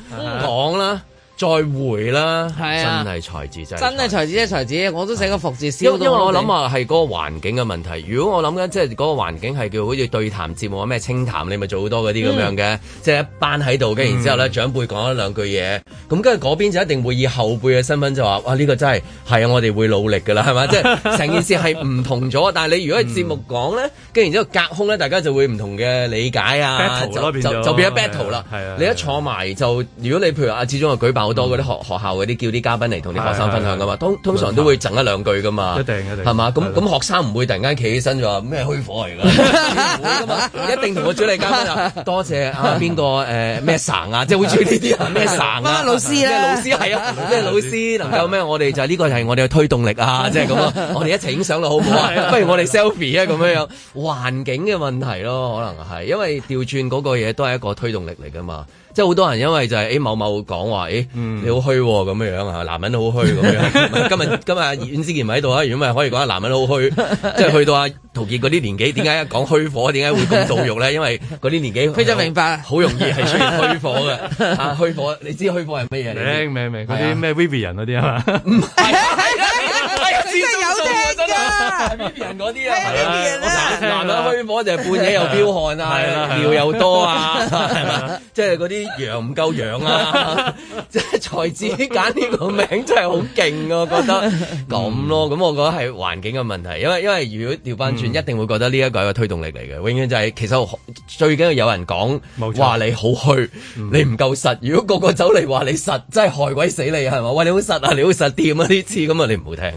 講、啊、啦。再回啦、啊，真係才子真係才子才子、啊，我都寫個伏字少咗。因因為我諗啊，係嗰個環境嘅問題。如果我諗緊，即係嗰個環境係叫好似對談節目啊，咩清談，你咪做好多嗰啲咁樣嘅，即、嗯、係、就是、一班喺度，跟住然之後咧、嗯，長輩講一兩句嘢，咁跟住嗰邊就一定會以後輩嘅身份就話哇！呢、呢個真係係啊！我哋會努力噶啦，係咪？即係成件事係唔同咗。但係你如果係節目講咧，跟住然之後隔空咧，大家就會唔同嘅理解啊、嗯、就，就，就變咗 battle 啦、啊啊啊。你一坐埋就，如果你譬如阿志忠啊始舉辦好多嗰啲學學校嗰啲叫啲嘉賓嚟同啲學生分享噶嘛，通通常都會贈一兩句噶嘛，一定一定，係嘛？咁咁學生唔會突然間企起身就話咩虛火嚟噶， 的嘛 一定同我主禮嘉賓 多謝啊邊 個誒咩、呃、神啊， 即係會追呢啲咩神啊， 老師啊咩老師係啊，咩 老師能夠咩？這個，我哋就呢個係我哋嘅推動力啊，即係咁啊，我哋一齊影相咯，好唔好？不如我哋 selfie 啊，咁樣樣環境嘅問題咯，可能係因為調轉嗰個嘢都係一個推動力嚟噶嘛。即係好多人因為就係某某講話、欸、你好虛咁、喔、樣啊，男人好虛咁樣。今日今日阮子健咪喺度啊，如果咪可以講下男人好虛，即係去到阿陶傑嗰啲年紀，點解一講虛火？點解會咁燥肉咧？因為嗰啲年紀，非常明白好容易係出現虛火嘅。虛火你知虛火係咩嘢，明唔明？嗰啲咩 Vivian 嗰啲啊嘛？ 大 B 人嗰啲啊，男男啊，啊男虛火就半夜又標汗啊，啊，啊，啊，尿又多啊，係即係嗰啲羊唔夠養啊！即係、啊 啊啊 啊、 才子揀呢個名真係好勁啊，我覺得咁咯、啊，咁、 嗯、我覺得係環境嘅問題，因為因為如果調翻轉、嗯，一定會覺得呢一個係個推動力嚟嘅，永遠就係、是、其實最緊要有人講話你好虛、嗯，你唔夠實。如果個個走嚟話你實，真係害鬼死你係嘛？喂你好實啊，你好實掂啊，呢次咁啊，你唔好聽，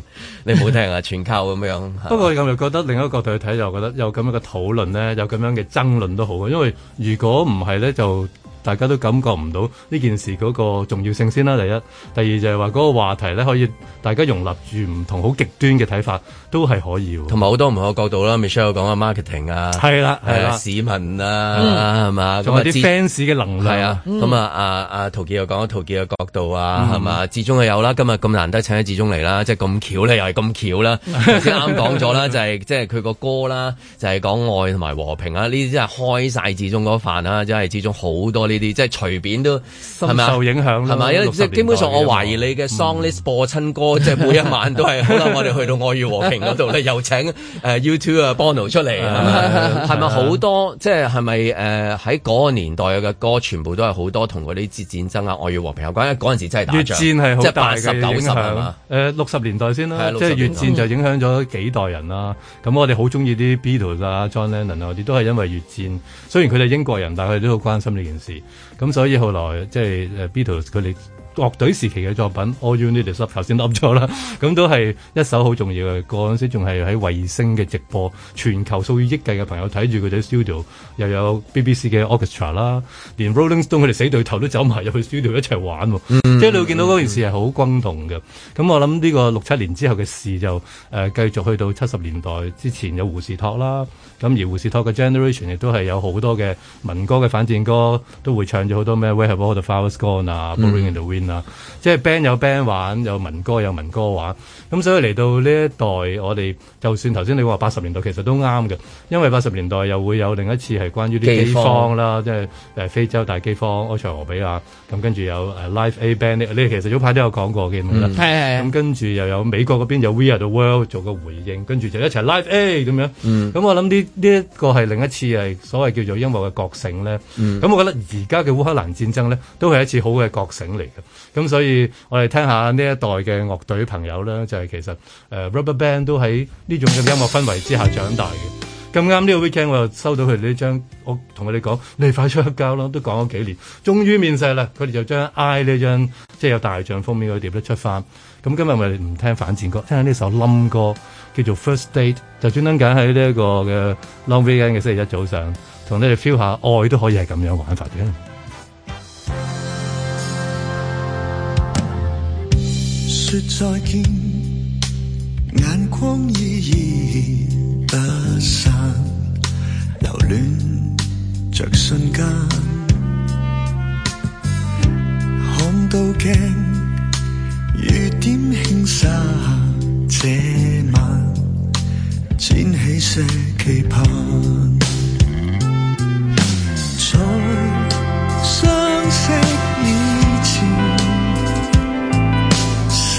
你唔好聽啊， 全靠咁樣。 不過咁又覺得另一個角度去睇，就覺得有咁樣嘅討論咧，有咁樣嘅爭論都好嘅，因為如果唔係咧就。大家都感覺唔到呢件事嗰個重要性先啦、啊。第一，第二就係話嗰個話題咧，可以大家容納住唔同好極端嘅睇法，都係可以喎、啊。同埋好多唔同嘅角度啦，Michelle 講啊，marketing 啊，係啦、啊，市民啊，係、嗯、嘛？咁、嗯嗯、啊，啲 fans 嘅能力係啊，咁啊，啊阿陶傑又講咗，陶傑嘅角度啊，係、嗯、嘛？志中又有啦，今日咁難得請喺志中嚟啦，即係咁巧咧，又係咁巧啦。啱啱講咗啦，就係即係佢個歌啦，就係、是就是、講愛同埋和平啊！呢啲真係開晒志中嗰飯啦，真係志中好多。你哋即係隨便都係咪受影響？係咪？因為基本上我懷疑你嘅 songlist、嗯、播親歌，即係每一晚都係。 好像我哋去到愛與和平嗰度 又請誒、uh, YouTube 啊 Bono 出嚟，係、嗯、咪、啊？好多？即係係咪誒喺嗰個年代嘅歌，全部都係好多同嗰啲戰爭啊、愛與和平有關。嗰陣時真係打越戰係好大嘅影響。即係八十九十。誒六十年代先啦，即係越戰就影響咗幾代人啦。咁、嗯嗯、我哋好中意啲 Beatles 啊、John Lennon 嗰啲，都係因為越戰。雖然佢哋英國人，但係佢哋都好關心呢件事。咁所以後來即係誒 Beatles 佢哋。樂隊時期嘅作品，All You Need Is Love 頭先 Up 咗啦，咁都係一首好重要嘅歌。嗰陣時仲係喺衛星嘅直播，全球數以億計嘅朋友睇住佢哋 studio，又有 BBC 嘅 Orchestra 啦，連 Rolling Stone 佢哋死對頭都走埋入去 studio 一齊玩，mm-hmm. 即係你會見到嗰件事係好轟動嘅。咁我諗呢個六七年之後嘅事就誒繼、呃、續去到七十年代之前有胡士托啦，咁而胡士托嘅 Generation 亦都係有好多嘅民歌嘅反戰歌，都會唱咗好多咩 Where Have All the Flowers Gone 啊，Blowing in the Wind 即係 band 有 band 玩，有民歌有民歌玩。咁、嗯、所以嚟到呢一代，我哋就算頭先你話八十年代，其實都啱嘅，因為八十年代又會有另一次係關於啲饑荒啦，即係非洲大饑荒，埃塞俄比亞。咁、嗯、跟住有 live a band，呢，其實早排都有講過嘅，咁、嗯嗯、跟住又有美國嗰邊有 We Are The World 做個回應，跟住就一齊 Live Aid 咁樣。咁、嗯嗯、我諗呢呢一個係另一次係所謂叫做音樂嘅覺醒咧。咁、嗯、我覺得而家嘅烏克蘭戰爭咧，都係一次好嘅覺醒嚟嘅。咁所以我哋聽下呢一代嘅樂隊朋友啦，就係其實誒，Rubberband 都喺呢種嘅音樂氛圍之下長大嘅。咁啱呢個 weekend 我又收到佢哋呢張，我同佢哋講，你哋快出黑膠囉，都講咗幾年，終於面世啦。佢哋就將 I 呢張即係有大象封面嗰碟咧出翻。咁今日咪唔聽反戰歌，聽下呢首冧歌，叫做 First Date，就專登揀喺呢一個嘅 Long Weekend 嘅星期一早上，同你哋 feel 下愛都可以係咁樣玩法嘅。說再見，眼光依依不散，留戀着瞬間。看到鏡雨點輕灑，這晚撿起些期盼。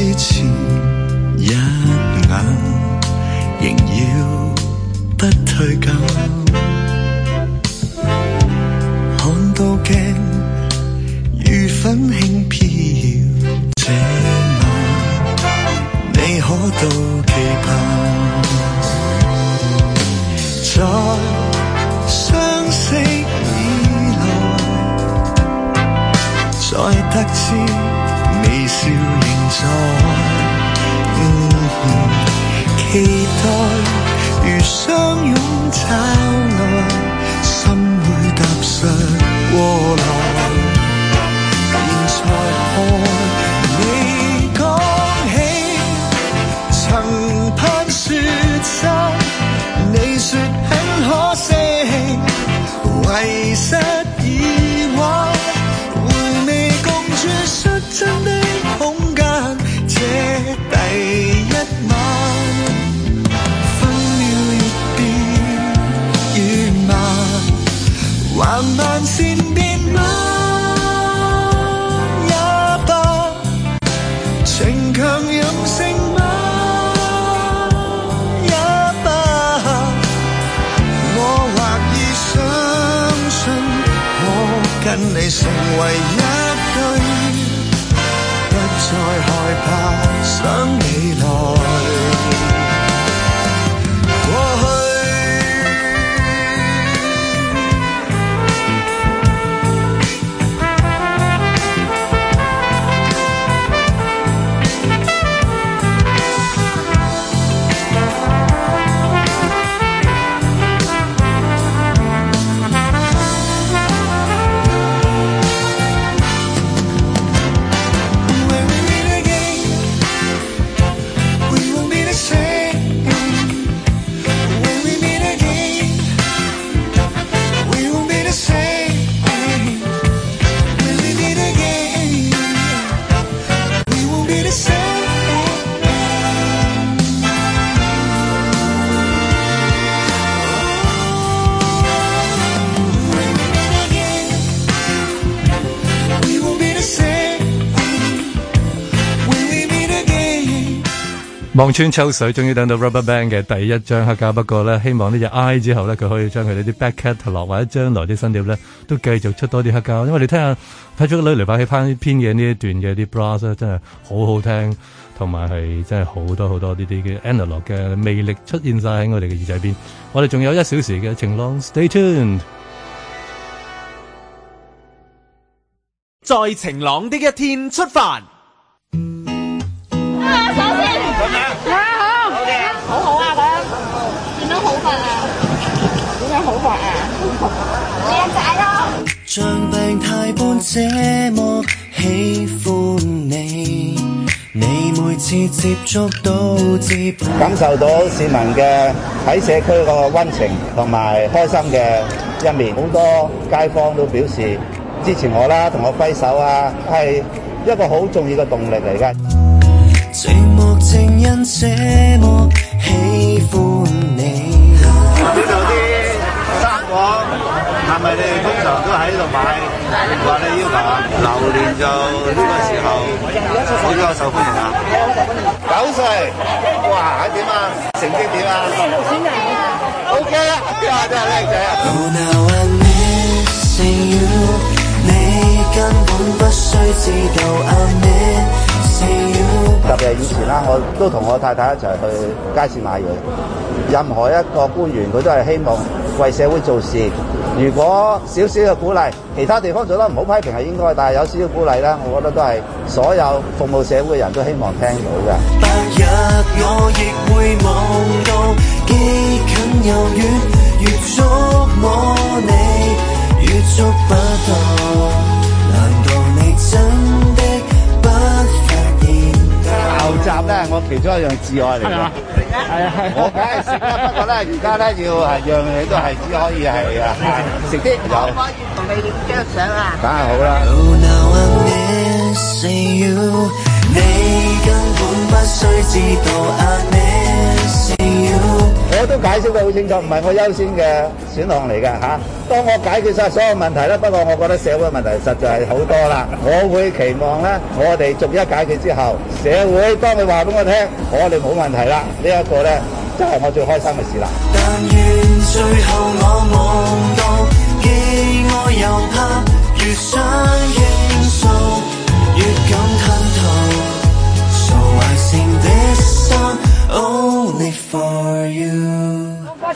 之前一眼，仍要不退減。看到鏡如粉輕飄，這晚你可到？在仍然期待，如相擁燦爛。望穿秋水，終於等到 Rubberband 嘅第一張黑膠。不過呢，希望呢隻 I 之後呢佢可以將佢哋啲 Back catalogue 或者將來啲新碟呢都繼續出多啲黑膠。因為你聽下睇出個女嚟拍起翻篇嘅呢一段嘅啲 Brass 真係好好聽，同埋係真係好多好多呢啲嘅 Analogue 嘅魅力出現晒喺我哋嘅耳仔邊。我哋仲有一小時嘅晴朗，Stay tuned，在晴朗的一天出發。像病態般這麼喜歡你。你每次接觸都接感受到市民嘅喺社區個溫情同埋開心嘅一面，好多街坊都表示，支持我啦同我揮手啊，係一個好重要嘅動力嚟嘅。唔係你哋通常都喺度買，話你要求啊，榴蓮就呢個時候比較受歡迎啊。九歲，哇，點啊？成績點啊？O K 啦，邊個真係叻仔啊？特別係以前啦，我都同我太太一齊去街市買嘢。任何一個官員，佢都係希望為社會做事。如果少少嘅鼓勵，其他地方做得唔好批評係應該，但係有少少鼓勵咧，我覺得都係所有服務社會嘅人都希望聽到嘅。白日我亦會望到，既近又遠，越觸摸你，越觸不到。牛雜咧，我其中一樣至愛嚟㗎，啊，啊，啊，啊，啊，我梗係食啦， 不過咧，而家咧要係樣嘢都係只可以係啊，食啲有。啊啊、可以同你影張相啊！梗係好啦。我都解釋得好清楚，唔係我優先嘅選項嚟嘅㗎。當我解決晒所有問題咧，不過我覺得社會問題實在係好多啦。我會期望咧，我哋逐一解決之後，社會當你話俾我聽，我哋冇問題啦。這個、呢一個咧，就係、是、我最開心嘅事啦。但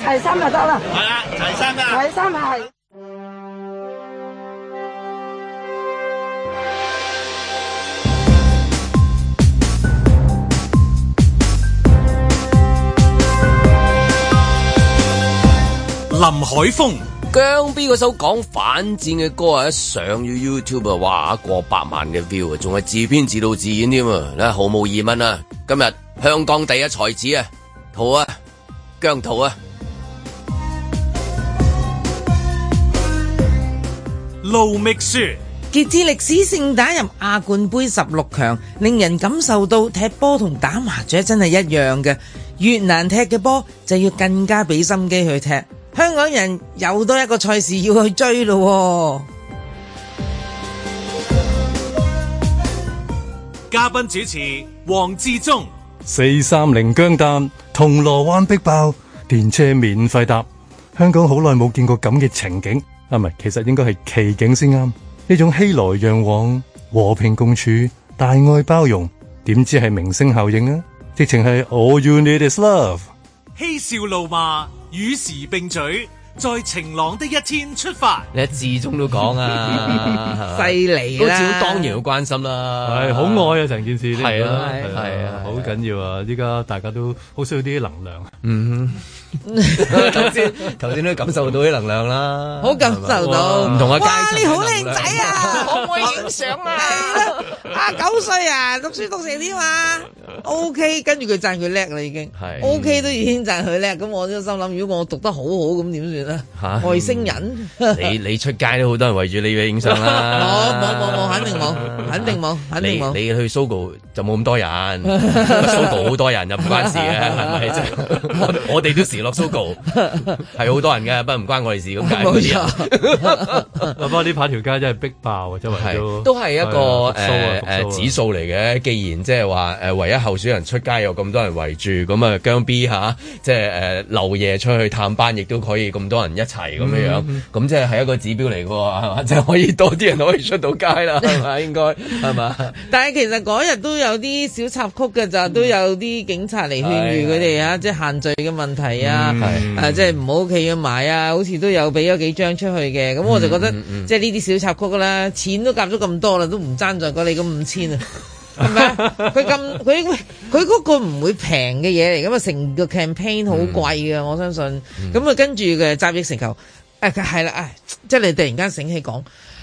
提三就得啦。係啊，三心啊。三心係林海峰姜 B 嗰首講反戰嘅歌啊，一上咗 YouTube 啊，哇過百萬嘅 view 啊，仲係自編自導自演添啊，那毫無疑問啦，啊。今日香港第一才子啊，陶啊，姜濤啊。路覓雪，傑志歷史性打入亞冠杯十六強，令人感受到踢波同打麻雀真係一樣嘅，越難踢嘅波就要更加俾心機去踢。香港人又多一個賽事要去追咯。嘉賓主持黃志忠，四三零姜擔，銅鑼灣逼爆，電車免費搭，香港好耐冇見過咁嘅情景。啊，唔係，其實應該係奇景先啱。呢種熙來攘往、和平共處、大愛包容，點知係明星效應啊！直情係 all y o u n e e d i s l o v e 嬉笑怒罵，與時並嘴在晴朗的一天出發。你一字中都講啊，犀利啦！當然要關心啦，係好愛啊，成件事係啊係啊，好緊、啊啊啊啊啊啊、要啊！依家大家都好需要啲能量，嗯哼。頭先頭先都感受到啲能量啦，好感受到唔同啊！哇，你好靚仔啊，可唔可以影相啊？啊 我，九 歲啊，讀書讀成啲啊？OK，跟住佢讚佢叻啦，已經 OK，都已經讚佢叻。咁我都心諗，如果我讀得好好，咁點算啊？吓，外星人？你你出街都好 多人圍住你影相啦。冇冇冇冇，肯定冇，肯定冇，肯定冇。你去 Sogo 就冇咁多人 ，Sogo 好多人又唔關事嘅，係 咪不是 我哋都少。我 落 Sogo 係 好多人嘅，不過唔關我哋事咁解。不過呢排條街真係逼爆啊！真係都都係一個誒誒、呃呃呃、指數嚟嘅。既然即係話誒，唯一候選人出街有咁多人圍住，咁啊姜 B 嚇，即係誒漏夜出去探班，亦都可以咁多人一齊咁樣樣。咁即係係一個指標嚟嘅喎，係嘛？即係可以多啲人可以出到街啦，係 嘛？應該係嘛？但係其實嗰日都有啲小插曲嘅，咋，都有啲警察嚟勸喻佢哋啊，即係限聚嘅問題啊！嗯嗯、啊！即係唔好屋企買啊！好似都有俾咗幾張出去嘅，咁我就覺得、嗯嗯嗯、即係呢啲小插曲啦。錢都夾咗咁多啦，都唔爭在過你咁五千啊，係咪佢咁佢佢嗰個唔會平嘅嘢嚟，咁啊成個 campaign 好貴㗎、嗯。我相信。咁、嗯、啊、嗯嗯、跟住嘅集益成球誒係、哎、啦，誒、哎、即係你突然間醒起講，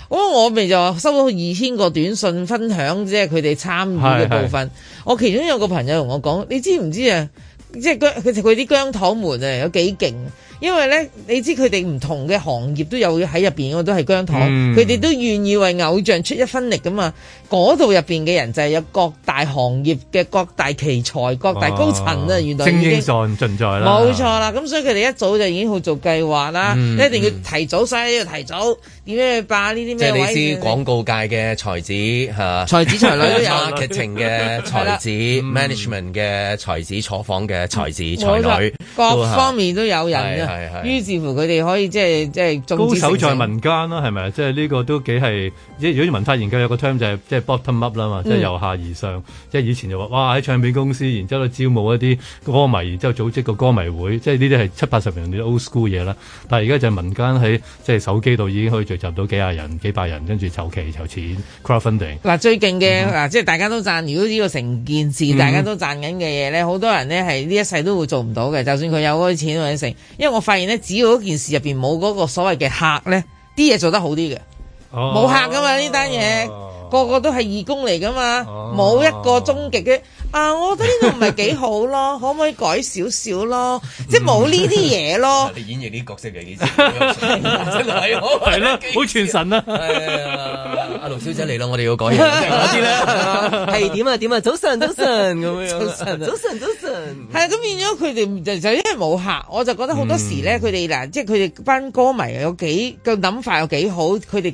我我咪就收到二千個短信分享，即係佢哋參與嘅部分。我其中有一個朋友同我講，你知唔知啊？即係姜，其實佢啲姜糖門啊，有幾勁。因為咧，你知佢哋唔同嘅行業都有喺入邊，我都係姜糖，佢、嗯、哋都願意為偶像出一分力噶嘛。嗰度入面嘅人就係有各大行業嘅各大奇才、哦、各大高層啊，原來精英在盡在啦。冇錯啦，咁、嗯、所以佢哋一早就已經好做計劃啦、嗯，一定要提早，晒。呢要提早點樣去霸呢啲咩？即係啲廣告界嘅才子、啊、才子才女都有 劇情嘅才子、嗯、，management 嘅才子，坐房嘅才子才女，各方面都有人係，於是乎佢哋可以即係即係高手在民間啦，係咪啊？即係呢個都幾係，即係如果啲文化研究有個 term 就係即係 bottom up 啦、嗯、嘛，即、就、係、是、由下而上。即係以前就話哇喺唱片公司，然之後招募一啲歌迷，然之後組織個歌迷會，即係呢啲係七八十年啲 old school 嘢啦。但係而家就民間喺即係手機度已經可以聚集到幾廿人、幾百人，跟住籌期籌錢 crowdfunding 嗱，最勁嘅、嗯、即係大家都賺，如果呢個成件事大家都賺緊嘅嘢咧，好、嗯、多人咧係呢一世都會做唔到嘅，就算佢有嗰啲錢或者成。因為我我發現咧，只要嗰件事入邊冇嗰個所謂嘅客咧，啲嘢做得好啲嘅哦，冇客噶嘛呢單嘢。哦。個個都係義工嚟㗎嘛，冇一個終極嘅啊，啊！我覺得呢個唔係幾好咯，可 唔可以改少少咯？即係冇呢啲嘢咯。嗯、 你演繹啲角色嚟嘅， 真係好，係 咯，好真 全神啦。係啊，阿、哎、盧小姐嚟啦，我哋要改嘢，嗰啲咧係點啊點啊！早晨，早晨。咁樣、啊，早晨。早晨，早晨。係 啊，咁變咗佢哋就就因為冇客，我就覺得好多時咧，佢哋嗱，即係佢哋班歌迷有幾個諗法有幾好，佢哋。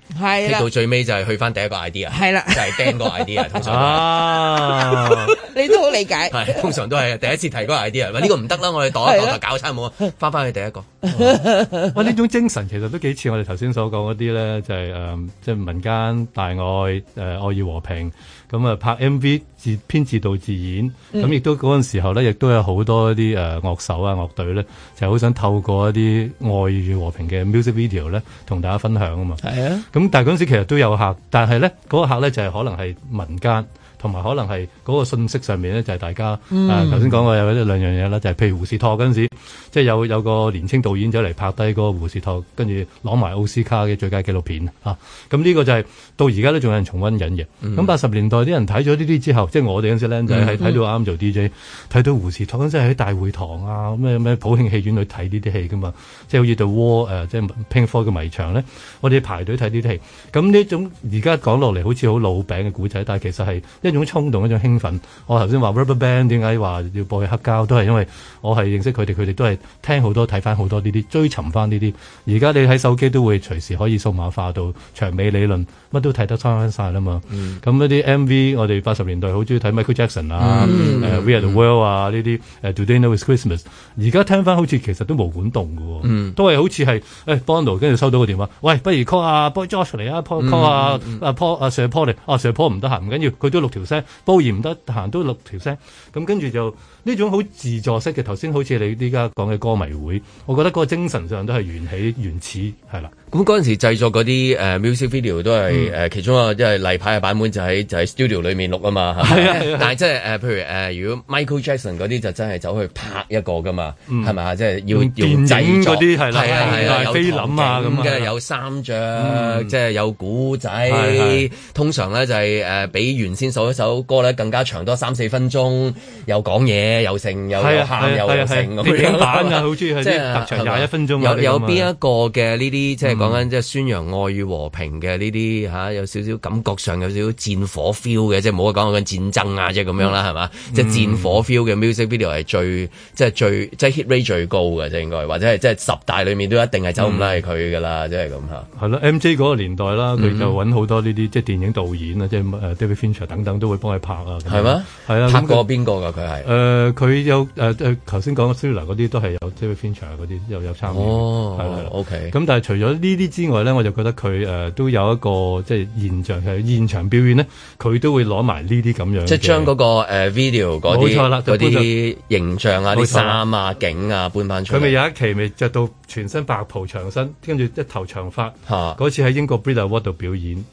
係到最尾就係去翻第一個 idea，係啦，就係掟個 idea。通常你都好理解。係，通常都係 第一次提嗰個 idea，呢個唔得啦，我哋擋一擋就搞咗餐好，翻翻去第一個、 啊。哇，呢種精神其實都幾似我哋頭先所講嗰啲咧，就係、是、誒，即、呃、係、就是、民間大愛誒、呃，愛與和平。咁啊，拍 MV 自編自導自演，咁、嗯、亦都嗰陣時候咧，亦都有好多一啲誒樂手啊樂隊咧，就係好想透過一啲愛與和平嘅 music video 咧，同大家分享啊嘛。係啊，咁但係嗰陣時其實都有客，但係咧嗰個客咧就係可能係民間。同埋可能係嗰個信息上面咧，就係、是、大家、嗯、啊頭先講過有呢兩樣嘢啦，就係、是、譬如《胡士托》嗰陣時，即、就、係、是、有有個年青導演走嚟拍低個《胡士托》，跟住攞埋奧斯卡嘅最佳紀錄片啊！咁呢個就係、是、到而家都仲有人重溫緊嘅。咁八十年代啲人睇咗呢啲之後，即、就、係、是、我哋嗰隻僆仔嗰陣時靚仔係睇到啱做 D J，睇、嗯嗯、到《胡士托》真係喺大會堂啊，咩咩普慶戲院去睇呢啲戲噶嘛？即、就、係、是、好似對窩誒，即係 Pink Floyd 嘅迷牆咧，我哋排隊睇呢啲戲。咁呢種而家講落嚟好似好老餅嘅古仔，但係其實係一種衝動，一種興奮。我頭先話 Rubberband 點解話要播去黑膠，都係因為我係認識佢哋，佢哋都係聽好多，睇翻好多呢啲，追尋翻呢啲。而家你喺手機都會隨時可以數碼化到長尾理論，乜都睇得翻晒啦嘛。咁嗰啲 MV，我哋八十年代好中意睇 Michael Jackson 啊,啊、嗯 uh,，We Are the World 啊呢啲、嗯 uh,，Do They Know It's Christmas。而家聽翻好似其實都冇管動噶、嗯，都係好似係誒、哎、，Bono 跟住收到個電話，喂，不如 call 阿、啊啊啊嗯啊啊啊、Paul George 嚟啊，call 阿阿 Paul 阿 Sir Paul 嚟，阿 Sir Paul 唔得閒，唔緊要，佢都六條。條聲，煲而唔得行，都六條聲。咁跟住就呢種好自助式嘅。頭先好似你依家講嘅歌迷會，我覺得嗰個精神上都係原始原始，係啦。咁嗰陣時製作嗰啲誒 music video 都係誒、嗯、其中一個即係例牌嘅版本，就是，就喺就喺 studio 裏面錄啊嘛。嗯、 但係即係誒，譬如誒、呃，如果 Michael Jackson 嗰啲就真係走去拍一個噶嘛，係咪啊？即係、就是、要用電燈嗰啲係啦，係啊，有台景咁嘅，有三張，即係、就是、有古仔，通常咧就係誒比原先首一首歌咧更加長多三四分鐘，又講嘢，又剩，又行， 又行有剩咁。短版啊，好中意係即係特長廿一分鐘有有邊一個嘅呢啲即係？講緊即係宣揚愛與和平嘅呢啲，有少少感覺上有少少戰火 feel 嘅，即係冇得講緊戰爭啊、嗯，即係咁樣啦，係嘛？即係戰火 feel 嘅 music video 係最即係最即係 hit rate 最高嘅，即應該，或者係即係十大裡面都一定係走唔甩佢噶啦，即係咁係 MJ 嗰個年代啦，佢、嗯、就搵好多呢啲即係電影導演啊，即係 David Fincher 等等都會幫佢拍啊。係咩？係啊！拍過邊個㗎？佢係佢有誒頭先講 Sailor 嗰啲都係有 David Fincher 嗰啲又有參與的。哦，係 OK，咁但係除咗呢？呢啲之外咧，我就覺得佢誒、呃、都有一個即係現象，係現場表演咧，佢都會攞埋呢啲咁樣即、那個，即係將嗰個誒 video 嗰啲，嗰啲形象啊、啲衫啊、景啊搬翻出嚟。佢咪有一期咪著到全身白袍長身，跟住一頭長髮吓，啊、嗰次喺英國 Brit Awards 度表演。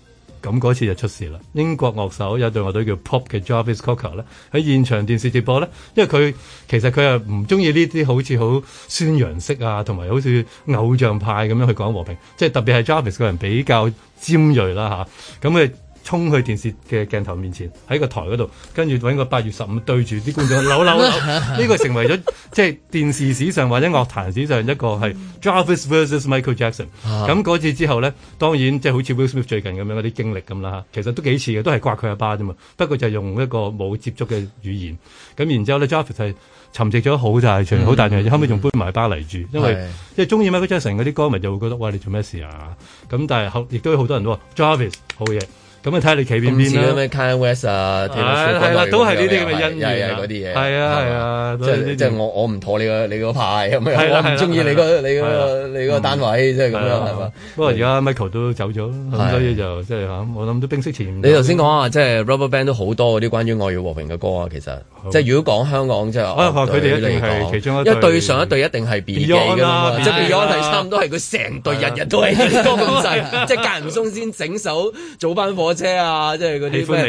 咁嗰次就出事啦。英國樂手有對樂隊叫 Pop 嘅 Jarvis Cocker 咧，喺現場電視直播咧，因為佢其實佢又唔中意呢啲好似好宣揚式啊，同埋好似偶像派咁樣去講和平，即係特別係 Jarvis 個人比較尖銳啦吓咁衝去電視嘅鏡頭面前喺個台嗰度，跟住揾個八月十五對住啲觀眾扭扭扭。呢 個成為咗即係電視史上或者樂壇史上一個係 Jarvis vs Michael Jackson。咁、啊、嗰次之後咧，當然即係、就是、好似 Will Smith 最近咁樣嗰啲經歷咁啦。其實都幾似嘅，都係刮佢一巴啫嘛。不過就用一個冇接觸嘅語言咁，然之後咧 Jarvis 係沉寂咗好大場好、嗯、大場，後尾仲搬埋巴黎住，因為即係中意 Michael Jackson 嗰啲歌迷就會覺得喂，你做咩事啊？咁但係後亦都好多人都話 Jarvis 好嘢。咁你睇下你企邊邊咩 Kanye West 啊，Taylor Swift 啊，都係呢啲咁嘅恩怨嗰啲嘢。係啊係啊，即係即係我我唔妥你個你個派係咪？我唔中意你、那個、啊、你個、啊、你個單位，即係咁樣係嘛、啊啊啊？不過而家 Michael 都走咗，所以、啊、就即係、啊、我諗都冰釋前。你頭先講啊，即、就、係、是、Rubberband 都好多嗰啲關於愛與和平嘅歌啊，其實即係如果講香港，即係佢哋一定係其中一對，一對上一對一定係 B G 即係 B G 係差唔多係佢成隊日日都係歌即係間唔中先整首早班貨。火車啊，即係嗰啲咩超級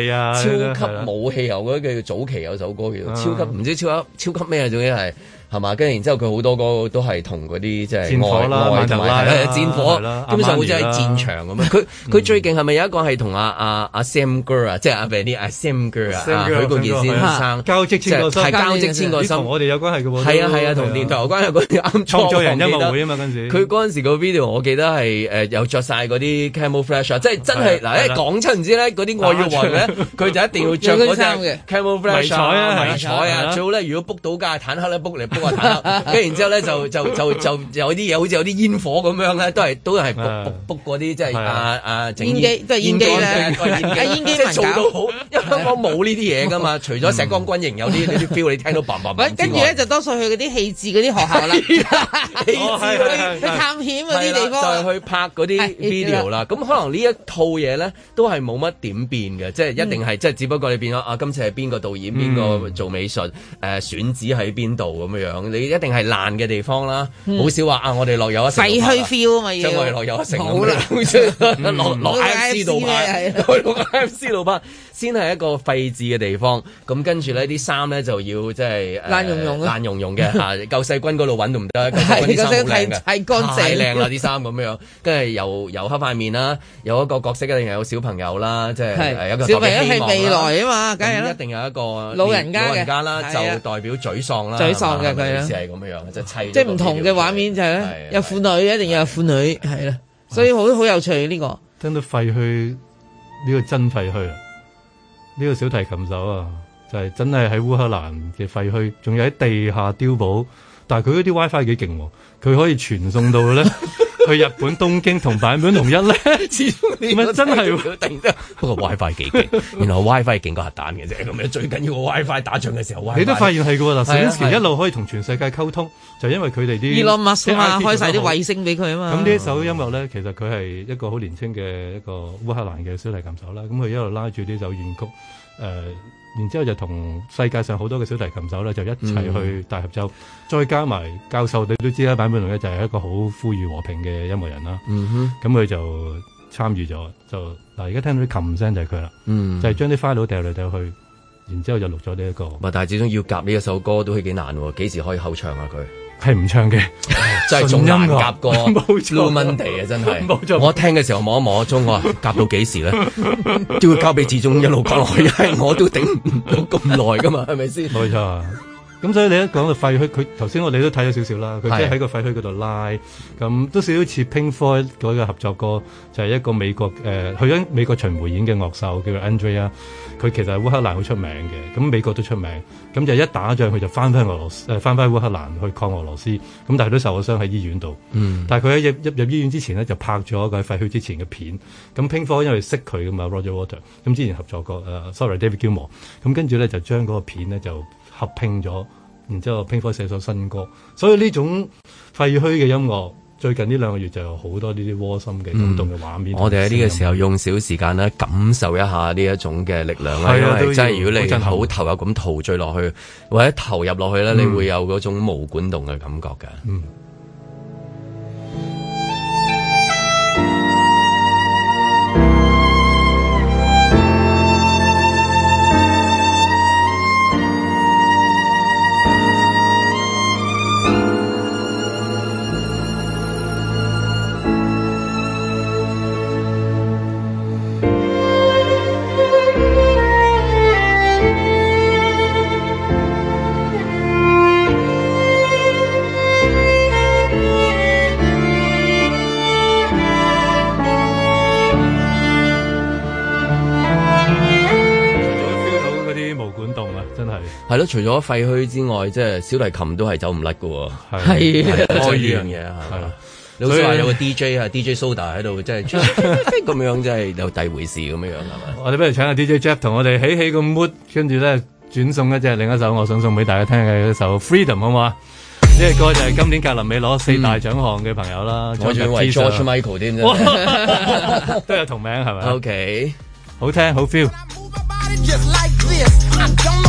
武器啊，嗰啲叫早期有首歌叫做《超級》。唔知超級超級咩啊，總之係。係嘛，跟住然之後佢好多歌都係同嗰啲即係火外同火戰火，戰火，基本上好似係戰場咁樣。佢、啊、佢最勁係咪有一個係同阿阿阿 Sam 哥啊，即係阿邊啲阿 Sam 哥啊，許冠傑先生交織千個心，係交織千個心，同我哋有關係嘅喎。係啊係啊，同電台有關係嗰啲啱。創造人音樂會啊嘛，嗰陣時佢嗰陣時個 video 我記得係誒有著曬啲 camouflage，即係真係嗱一講出唔知啲外國佢就一定要著嗰啲 camouflage 彩啊彩啊，最好咧如果 book 到架坦克咧 book 嚟。跟 然之後咧，就就就就有啲嘢好似有啲煙火咁樣咧，都係都係卜卜卜嗰啲即係啊啊！煙機即係煙機咧，啊煙做到好 因為香港冇呢啲嘢噶嘛，除咗石崗軍營有啲你啲 feel，你聽到砰砰砰跟住咧就多數去嗰啲棄置嗰啲學校啦， 棄置那 去探險嗰啲地方， 就係、去拍嗰啲 video 啦。咁可能呢一套嘢咧都係冇乜點變嘅，即係一定係即係，只不過你變咗啊，今次係邊個導演，邊個做美術，選址喺邊度咁樣。你一定係爛嘅地方啦，好、嗯、少話啊！我哋落有一成廢墟 feel 啊嘛，即係我哋落有一成好落落 M C C 先係一個廢置嘅地方。咁跟住呢啲衫呢，就要即係爛溶溶，爛溶溶嘅嚇，救 世軍嗰度揾都唔得，啲衫太太乾淨、太靚啦啲衫咁樣，跟住又黑塊面啦，有一個角色一定係有小朋友啦，即係一啦。小朋友係未來啊嘛，咁一定有一個老人家老人家啦，就代表沮喪啦，沮喪嘅。係就咁、是、樣樣，即係砌，即係唔同嘅畫面就係咧，有婦女一定要有婦女係啦，所以好好、啊、有趣呢、這個。聽到廢墟呢、這個真廢墟啊，呢、這個小提琴手啊，就係、是、真係喺烏克蘭嘅廢墟，仲有喺地下碉堡。但佢嗰啲 WiFi 幾勁喎？佢可以傳送到咧， 去日本東京同版本同一咧，點 啊 真係喎！不過 WiFi 幾勁， 原來 WiFi 勁過核彈嘅啫。咁樣最緊要個 WiFi 打仗嘅時候，WiFi 你都發現係嘅喎。嗱、啊，史蒂文一路可以同全世界溝通，就因為佢哋啲伊隆馬斯開晒啲衛星俾佢啊嘛。咁呢一首音樂咧、嗯，其實佢係一個好年輕嘅一個烏克蘭嘅小提琴手啦。咁佢一路拉住呢首曲，呃然之後就同世界上好多嘅小提琴手咧，就一齊去大合奏、嗯，再加埋教授，你都知啦，坂本龍一就係一個好呼籲和平嘅音樂人啦。咁、嗯、佢就參與咗，就嗱，而家聽到啲琴聲就係佢啦，就係將啲花腦掉嚟掉去，然之後就錄咗呢個。唔係，但係始終要夾呢一首歌都係幾難喎，幾時可以口唱啊佢？係唔唱嘅， 真係仲難夾過。 冇錯，冇問題啊，真係。我聽嘅時候摸一摸鐘，我夾到幾時咧？ 都會交俾志忠一路講落去，因為我都頂唔到咁耐噶嘛，係咪先？冇錯。咁所以你一講到廢墟，佢頭先我哋都睇咗少少啦。佢即係喺個廢墟嗰度拉，咁多少少似 Pink Floyd 嗰個合作過，就係、是、一個美國誒、呃、去咗美國巡迴演嘅樂手叫做 Andrea 佢其實喺烏克蘭好出名嘅，咁美國都出名。咁就一打仗，佢就翻返俄羅斯，誒、呃、翻返烏克蘭去抗俄羅斯。咁但係都受咗傷喺醫院度。嗯。但係佢喺入入入醫院之前咧，就拍咗一個喺廢墟之前嘅片。咁 Pink Floyd 因為識佢噶嘛 Roger Waters 咁之前合作過誒、呃、，sorry David Gilmour。咁跟住咧就將嗰個片咧就，合拼咗，然之後拼火寫首新歌，所以呢種廢墟嘅音樂，最近呢兩個月就有好多呢啲窩心嘅感、嗯、動嘅畫面。我哋喺呢個時候、嗯、用少時間咧，感受一下呢一種嘅力量咧，即係、啊、如果你真係好投入咁、啊、陶醉落去，或者投入落去咧、嗯，你會有嗰種無管動嘅感覺嘅。嗯除咗廢墟之外，即係小提琴都係走唔甩嘅喎。係，開呢樣嘢啊。係。所以話有個 DJ 啊 ，DJ Soda 喺度，即係出，咁 樣，即、就、係、是、有第回事咁樣樣係嘛？我哋不如請下 DJ Jack 同我哋起起個 mood，跟住咧轉送一隻另一首我想送俾大家聽嘅一首 Freedom 好嘛？呢個歌就係今年格林美攞四大獎項嘅朋友啦。嗯、我仲以為 George Michael 添、啊啊、 都有同名係咪 OK 好聽，好 feel。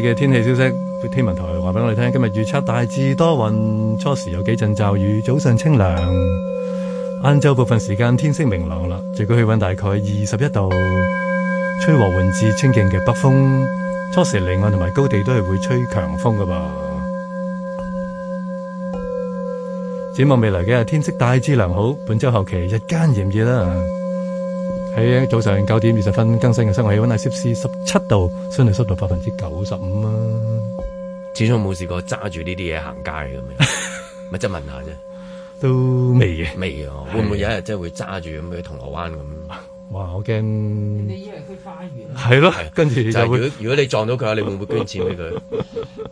嘅天氣消息，天文台話俾我哋聽，今日預測大致多雲，初時有幾陣驟雨，早上清涼，晏晝部分時間天色明朗啦。最高氣溫大概二十一度，吹和緩至清勁嘅北風，初時離岸同埋高地都係會吹強風噶噃。展望未來幾日，天色大致良好，本周後期日間炎熱啦。喺早上九點二十分更新嘅室外氣温係攝氏十七度，相對濕度百分之九十五啊！始終冇試過揸住呢啲嘢行街咁樣，咪即係問下啫，都未嘅，未嘅，會唔會有一日真係會揸住咁去銅鑼灣咁？哇！我驚，你以為去花園，啊？係咯，跟住就如、係、果如果你撞到佢，你會唔會捐錢俾佢？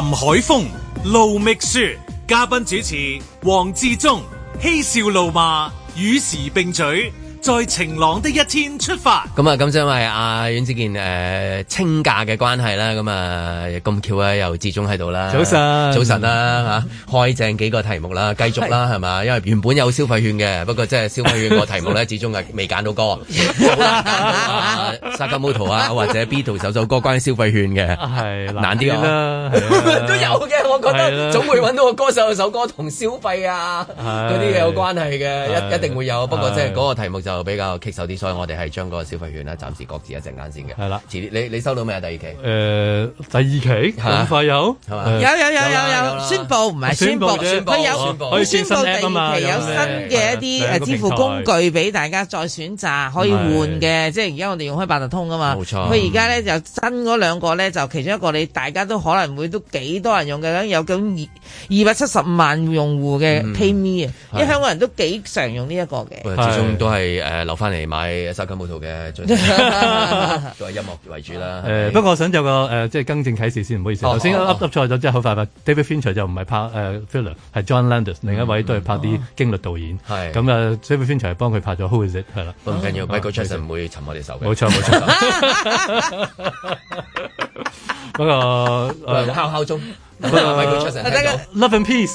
林海峰、盧覓雪嘉賓主持，黃志忠嬉笑怒罵，與時並舉。在晴朗的一天出發，咁、呃呃、啊，咁因為阿阮子健誒清假嘅關係啦，咁啊咁巧啊，又始終喺度啦。早晨，早晨啦吓，開正幾個題目啦，繼續啦係嘛，因為原本有消費券嘅，不過即係消費券個題目咧，始終係未揀到歌。薩卡姆圖啊， 啊，啊，啊，或者 B 圖首首歌關，關於消費券嘅，係難啲啦。啊、 都有嘅，我覺得、啊、總會揾到個歌手首歌同消費啊嗰啲嘢有關係嘅，一一定會有，不過即係嗰個題目。就比較棘手啲，所以我哋係將個消費券咧暫時擱置一陣間先嘅。係啦，遲啲你你收到未啊？第二期？誒、呃，第二期咁快有係嘛、啊？有有、嗯、有有有，有，有，宣布唔係宣布，佢有宣布第二期有新嘅一啲誒、啊、支付工具俾大家再選擇可以換嘅，即係而家我哋用開八達通噶嘛。冇錯，佢而家咧就新嗰兩個咧，就其中一個你大家都可能會都幾多少人用嘅，有咁二百七十萬用戶嘅 PayMe 啊，因為香港人都幾常用呢一個嘅，始終都係。誒、呃、留翻嚟買沙金毛圖嘅，都音樂為主啦、 okay 呃。不過我想有個即、呃就是、更正啟示，先，唔好意思。頭先噏錯咗，之係好快快、哦。David Fincher 就唔係拍 Phil，uh, 係 John Landis，嗯、另一位都係拍啲驚慄導演。係、哦、咁、哦嗯、啊，David Fincher 幫啊啊係幫佢拍咗 Hold It 係啦。唔緊要 m i c h a e 唔會沉我哋手嘅。冇錯，冇錯。 嗰個敲敲鐘，唔係佢出成，睇下 Love and Peace，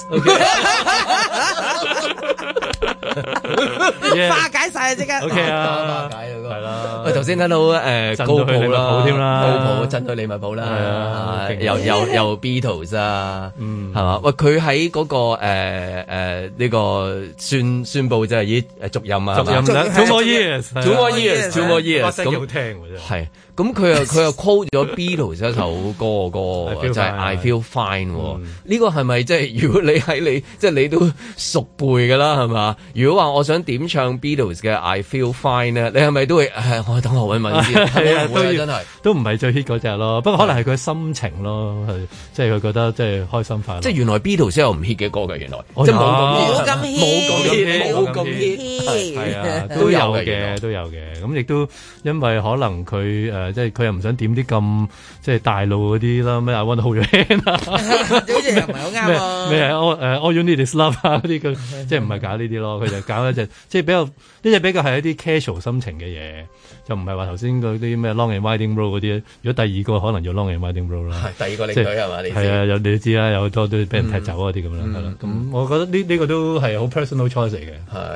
化解曬啊！即刻，OK 啊，化解嗰個係啦。喂，頭先睇到誒高普啦，高普震到利物浦啦，係啊，又又又 Beatles 啊，嗯，係嘛？喂，佢喺嗰個誒誒呢個宣宣佈就係咦誒續任啊，續任啦，two more years，two more years，two more years，咁好聽喎真係，係咁佢又佢又 call 咗 Beatles 一首。歌歌就係 I feel fine，呢、嗯這個係咪即係如果你喺你即係、就是、你都熟背嘅啦，係嘛？如果話我想點唱 Beatles 嘅 I feel fine 咧，你係咪都會誒、哎？我等我揾揾先，都唔係最 hit 嗰隻咯。不過可能係佢心情咯，即係佢覺得即係開心快。即係原來 Beatles 有唔 hit 嘅歌嘅，原來、哦、即係冇咁 hit 冇咁 hit 冇咁 hit 都有嘅，都有嘅。咁亦都因為可能佢誒、呃，即係佢又唔想點啲咁即係大路。嗰啲咯，咩 I want to hold you？好似又唔係好啱喎。咩？All，誒，All you need is love 啊，嗰啲佢即係唔係搞呢啲咯？佢就搞一隻，即係比較呢隻比較係一啲 casual 心情嘅嘢。就唔係話頭先嗰啲咩 long and winding road 嗰啲，如果第二個可能就 long and winding road 啦。第二個領隊係嘛？係、就是、啊，有你都知啦，有好多都俾人踢走嗰啲咁啦。係、嗯、啦，咁、嗯啊嗯、我覺得呢呢、這個都係好 personal choice 嚟嘅，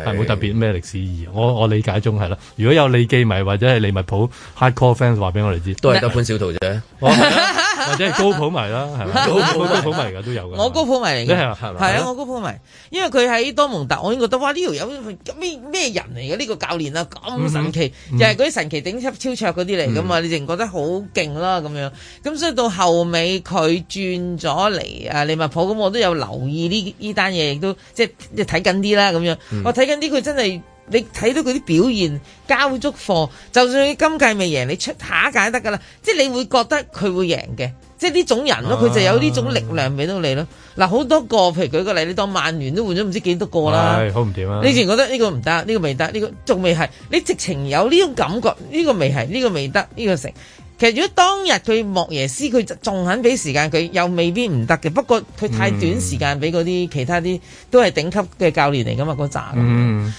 係冇特別咩歷史意義。我我理解中係啦、啊。如果有李記迷或者係利物浦 hardcore fans 話俾我哋知，都係得潘小濤啫。 或者係高普迷啦，係 嘛？高普, 高普 高普迷嘅都有嘅。我高普迷嚟嘅，係係啊，我高普迷。因為佢喺多蒙特，我已經覺得哇，呢條友咩咩人嚟嘅？呢個教練啊，咁神奇，又係嗰啲神奇頂級超卓嗰啲嚟噶嘛？Mm-hmm. 你淨覺得好勁啦咁樣。咁所以到後尾佢轉咗嚟啊利物浦，咁我都有留意呢呢單嘢，亦都即係睇緊啲啦咁樣。Mm-hmm. 我睇緊啲，佢真係。你睇到佢啲表現交足貨，就算佢今屆未贏，你出下一屆得噶啦，即係你會覺得佢會贏嘅，即係呢種人咯，佢就有呢種力量俾到你咯。嗱、啊，好多個，譬如舉個例，你當曼聯都換咗唔知幾多個啦，係、哎、好唔掂啊！你自然覺得呢個唔得，呢、呢個未得，呢、呢個仲未係，你直情有呢種感覺，呢、呢個未係，呢、呢個未得，呢、呢個成。這個其實如果當日佢莫耶斯佢仲肯俾時間佢，又未必唔得嘅，不過佢太短時間俾嗰啲其他啲都係頂級嘅教練嚟㗎嘛，嗰扎，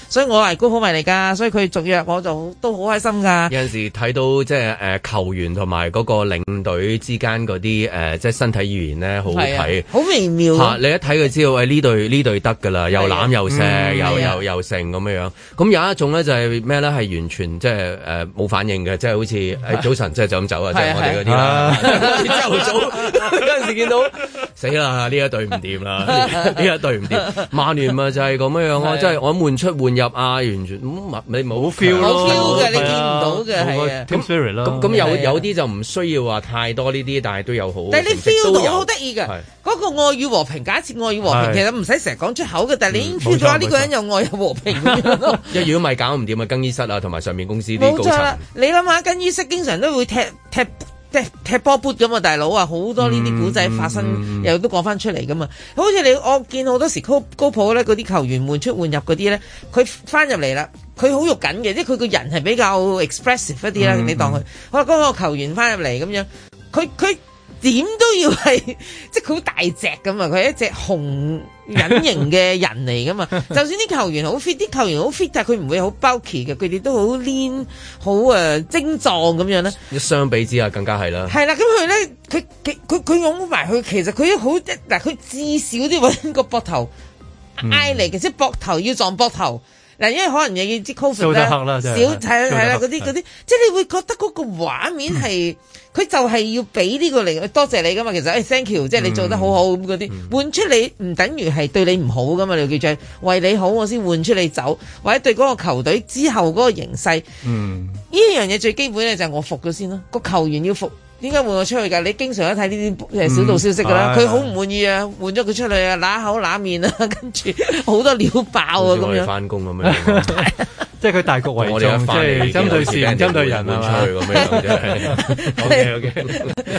所以我係估好迷嚟㗎，所以佢續約我就都好開心㗎。有陣時睇到即係、就係呃、球員同埋嗰個領隊之間嗰啲、呃、即係身體語言咧，好好睇，好、啊、微妙、啊、你一睇佢知道喂，呢隊呢隊得㗎啦，又攬又錫，又、嗯、又、啊、又剩咁樣樣。咁有一種咧就係咩咧？係完全即係誒冇反應嘅，即、就、係、是、好似、哎、早晨即係就咁 走啊！係係就係我哋嗰啲啦，朝頭早嗰陣時見到。 死啦！呢一隊唔掂啦，呢 一隊唔掂。曼聯咪就係咁樣樣咯，即 係、啊就是、我換出換入啊，完全咁咪你冇 feel feel 嘅、啊，你見唔到嘅咁咁有、啊、有啲就唔需要話太多呢啲，但係都有好。但係你 feel 到好得意嘅，嗰、啊那個愛與和平。假設愛與和平，啊、其實唔使成日講出口嘅，但係你 feel 到呢、嗯這個人又愛又和平。即 如果咪搞唔掂嘅更衣室啊，同埋上面公司啲高層。冇錯，你諗下更衣室經常都會踢踢。即係踢波砵咁啊，大佬啊，好多呢啲古仔發生，mm-hmm. 又都講翻出嚟噶嘛。好似你我見好多時高高普咧，嗰啲球員換出換入嗰啲咧，佢翻入嚟啦，佢好肉緊嘅，即係佢個人係比較 expressive 一啲啦。Mm-hmm. 你當佢，我嗰、嗰個球員翻入嚟咁樣，佢佢。點都要係，即係佢好大隻噶嘛，佢係一隻紅隱形嘅人嚟噶嘛。 就算啲球員好 fit，啲球員好 fit，但係佢唔會好 bulky 嘅，佢哋都好 lean，好誒精壯咁樣咧。一相比之下更加係啦。係啦，咁佢咧，佢佢佢擁埋佢，其實佢都好嗱佢至少都要揾個膊頭嗌嚟嘅，即係膊頭要撞膊頭。嗱，因為可能嘢要知 cover 啦，少係係啦，嗰啲嗰啲，即係你會覺得嗰個畫面係，佢、嗯、就係要俾呢個嚟，多謝你噶嘛，其實，誒、哎、，thank you，即係你做得好好咁嗰啲，換、嗯、出你唔等於係對你唔好噶嘛，你叫做，為你好我先換出你走，或者對嗰個球隊之後嗰個形勢，呢、嗯、樣嘢最基本咧就係我服咗先咯，個球員要服。點解換我出去噶？你經常都睇呢啲誒小道消息噶啦，佢好唔滿意啊，換咗佢出去啊，乸口乸面啊，跟住好多料爆啊咁樣。翻工咁樣， 即係佢大局為重，即係針對事、針對人係嘛。O K O K，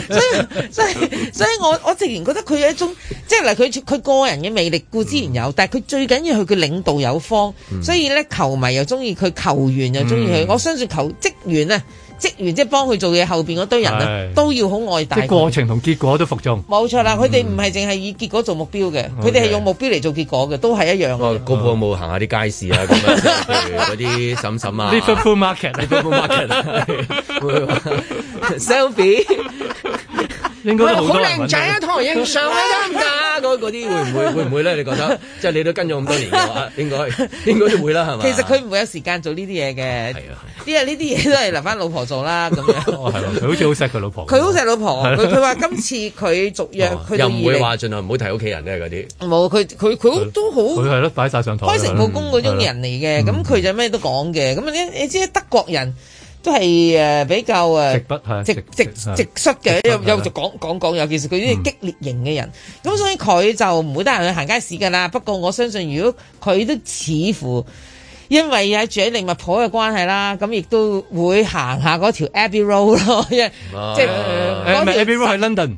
所以所以，所以所以所以我我直然覺得佢有一種，即係嗱，佢佢個人嘅魅力固之然有，嗯、但係佢最緊要佢佢領導有方，嗯、所以咧球迷又中意佢，球員又中意佢，我相信球職員啊。職員即係幫佢做嘢，後邊嗰堆人咧都要好愛戴。即係過程同結果都服眾。冇錯啦，佢哋唔係淨係以結果做目標嘅，佢哋係用目標嚟做結果嘅，都係一樣。個有冇行下啲街市啊？譬如嗰啲嬸嬸啊。Supermarket，Supermarket，selfie。唔係好靚仔啊！同人影相啊，嗰嗰啲會唔不會會唔會咧？ 你覺得 即係你都跟咗咁多年嘅話，應該應該會啦，係咪？其實佢唔會有時間做呢啲嘢嘅，因為呢啲嘢都係留翻老婆做啦。咁 這樣 哦，佢好似好錫佢老婆。佢好錫老婆，佢佢話今次佢續約，佢、 哦、又唔會話盡量唔好提屋企人咧嗰啲。冇，佢佢佢都好，佢係咯，擺晒上台開誠布公嗰種人嚟嘅，咁佢就咩都講嘅。咁、嗯、你你知德國人。都係誒比較誒直直直率嘅，有有就講講講，尤其是佢啲激烈型嘅人，咁所以佢就唔會得閒去行街市㗎啦。不過我相信，如果佢都似乎因為喺住喺利物浦嘅關係啦，咁亦都會行下嗰條 Abbey Road 咯，因為即係。誒，Abbey Road 係 London。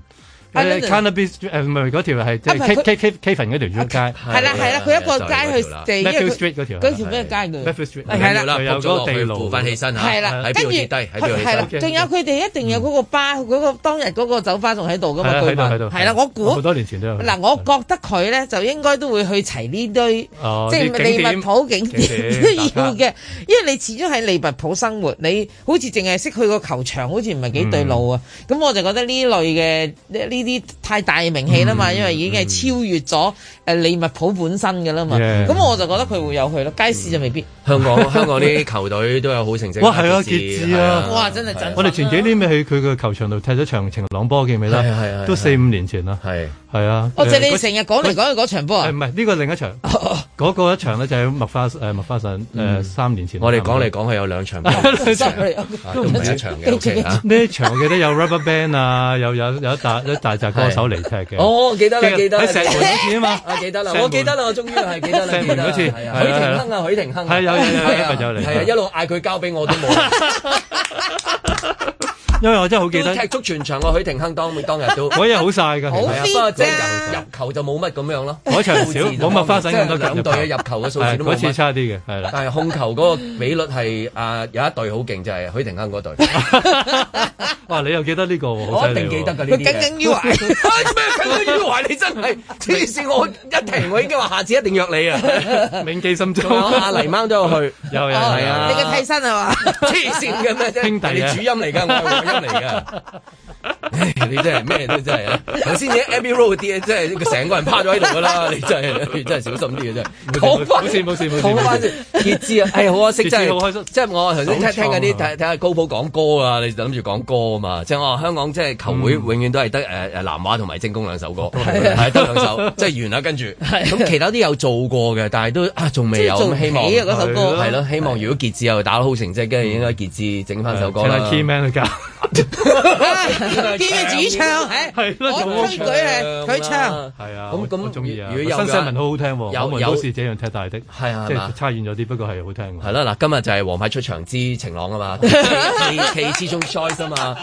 係，Canary Street 嗰條係 K Kaven 嗰條中街。係啦係啦，佢一個街去地，一嗰條咩街㗎？係啦，有咗地路扶翻起身嚇。係啦，喺邊跌低，喺邊起身。係啦，仲有佢哋一定有嗰個巴，嗰個當日嗰個酒吧仲喺度㗎嘛？對唔對？係啦，我估好多年前都嗱，我覺得佢咧就應該都會去齊呢堆，即係利物浦景點都要嘅，因為你始終喺利物浦生活，你好似淨係識去、嗯、個球場，好似唔係幾對路啊。咁我就覺得呢類嘅呢。呢啲太大嘅名氣啦嘛，因為已經係超越咗。誒利物浦本身嘅啦嘛，咁、yeah、我就覺得佢會有去啦，街市就未必。 香港香港啲球隊都有好成績哇，係啊，傑志啊，哇，真係、啊、我哋前幾年咪去佢個球場度踢咗場晴朗波，記唔記得？係係、啊啊、都四五年前啦。係係啊。啊啊哦嗯、即係你成日講嚟講去嗰場波唔係呢個另一場嗰、哦嗰個一場咧就喺麥花誒麥花臣誒、呃三，嗯、三年前。我哋講嚟講去有兩場都唔係一場嘅。呢場我記得有 Rubberband 啊，有有有一大一大紮歌手嚟踢嘅。哦，記得記得。啊嘛。我 記得啦，我記得啦，我終於係記得啦。好似、啊、許廷鏗啊，許廷鏗啊，有有係啊，一路嗌佢交俾我都冇。啊 因為我真係好記得踢足全場嘅、啊、許廷鏗當當日都，嗰日好晒㗎，好偏即係入入球就冇乜咁樣咯、啊，那個、場場少冇乜花生咁多兩隊，就是、入球嘅數字都冇乜，次差啲嘅係啦，但係控球嗰個比率係啊有一隊好勁就係、是、許廷鏗嗰隊， 哇你又記得呢、這個、啊、我一定記得㗎呢啲嘅，耿耿於懷咩耿耿於懷 你真係黐線，我一停我已經話下次一定約你啊，銘 記心中，阿、啊、黎貓都有去，有啊啊，你嘅替身係嘛？黐線嘅咩兄弟你、啊、主音嚟㗎。 嚟 噶，哎，你真係咩都真係啊！頭先你 Abbey Road 啲真係成個人趴咗喺度噶啦，你真係你真係小心啲嘅，真係好翻，冇事冇事冇事，事事完完事事完完哎，傑志啊，係好可惜真係好開心。即係我頭先聽聽嗰啲睇睇下高普講歌啊，你諗住講歌啊嘛，即，就，係，是、我香港即係，就是、球會永遠都係得誒誒南華同埋精工兩首歌，係得兩首，即係完啦。跟住咁，啊、其他啲有做過嘅，但係都仲未，啊、有希望嗰首歌係咯，希望如果傑志又打得好成績，跟住應該傑志整翻首歌，Timmy 見 佢主唱，係我跟佢佢唱，係啊，咁咁中意啊。新西文好好聽，有冇人好似這樣踢大的？係啊，即係差遠咗啲，不過係好聽。係啦嗱，今日就係皇牌出場之晴朗啊嘛，其其中 choice 啊嘛，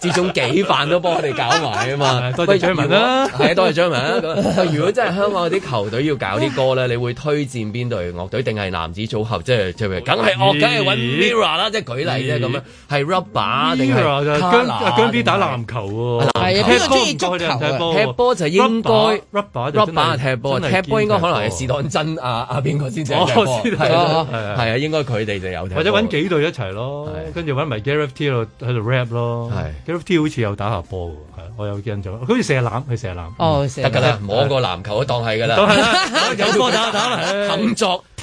至中幾飯都幫我哋搞埋啊嘛。多謝張文啦，係，多謝張文。如果真係香港嗰啲球隊要搞啲歌咧，你會推薦邊隊樂隊定係男子組合？即係即係，梗係我梗係揾 Mirror 啦，即係舉例啫咁樣，係 Rubber 定係？姜姜 B 打籃球喎，係啊，佢中意足球啊，踢波就應該 rap rap rap 啊，踢波，踢波應該可能係時代真啊啊邊個先識踢波？係啊，應該佢哋就有，或者揾幾隊一齊咯，跟住揾埋 Gareth T 喺度 rap 咯 Gareth T 好似有打下波，我有印象，好似射籃，佢射籃，得㗎啦，摸個籃球當係㗎啦，有波打打，作。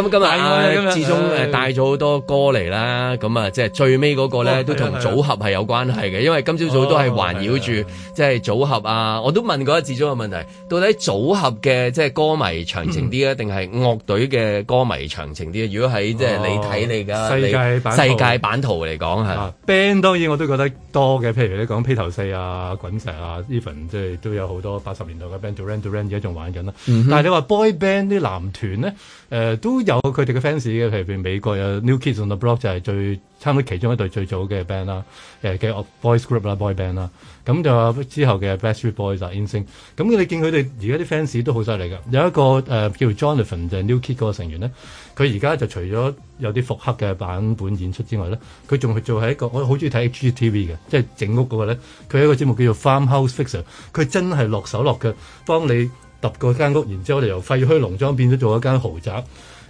咁今日啊，自中誒帶咗好多歌嚟啦，咁啊，即係最尾嗰個咧都同組合係有關係嘅，因為今朝早都係環繞住即係組合啊。我都問過自中嘅問題，到底組合嘅即係歌迷長情啲啊，定係樂隊嘅歌迷長情啲啊？如果喺即係你睇你嘅世界版圖嚟講，係、啊、band 當然我都覺得多嘅，譬如你講披頭四啊、滾石啊、Even 即係都有好多八十年代嘅 band，Duran Duran 而家仲玩緊啦。但係你話 boy band 啲男團咧？誒、呃、都有佢哋嘅 fans 嘅，譬如美國有 New Kids on the Block 就係最差唔多其中一隊最早嘅 band 啦，誒、呃、嘅 boys group 啦，boy band 啦，咁就之後嘅 Backstreet Boys 啊 NSYNC 咁你見佢哋而家啲 fans 都好犀利㗎。有一個誒、呃、叫做 Jonathan 就 New Kids 嗰個成員咧，佢而家就除咗有啲復刻嘅版本演出之外咧，佢仲去做係一個我好中意睇 HGTV 嘅，即、就、係、是、整屋嗰個咧，佢有一個節目叫做 Farm House Fixer，佢真係落手落腳幫你。揼個間屋，然之後我哋由廢墟農莊變咗做一間豪宅，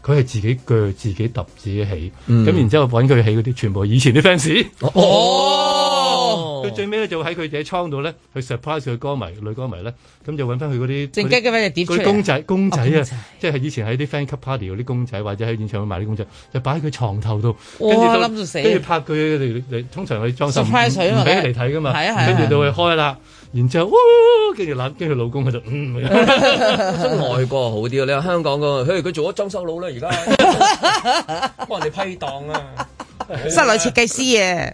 佢係自己鋸、自己揼、自己起。咁、嗯、然之後揾佢起嗰啲，全部以前啲 fans。哦，佢、哦、最尾咧就喺佢嘅倉度咧，去 surprise 佢歌迷、女歌迷咧，咁就揾翻佢嗰啲。正經嘅咩？點出嚟？佢公仔、公仔啊、哦，即係以前喺啲 fans party 嗰啲公仔，或者喺演唱會買啲公仔，就擺喺佢床頭度。哇！跟住拍佢嚟嚟，通常佢裝飾。surprise 佢啊嘛！唔俾佢嚟睇噶嘛。跟、嗯、住到佢開啦。然之後，跟住揀跟住老公佢就，嗯，真、嗯、外國好啲 啊，你話香港個，譬如佢做咗裝修佬啦，而家幫人哋批檔啊。室內設計師嘅，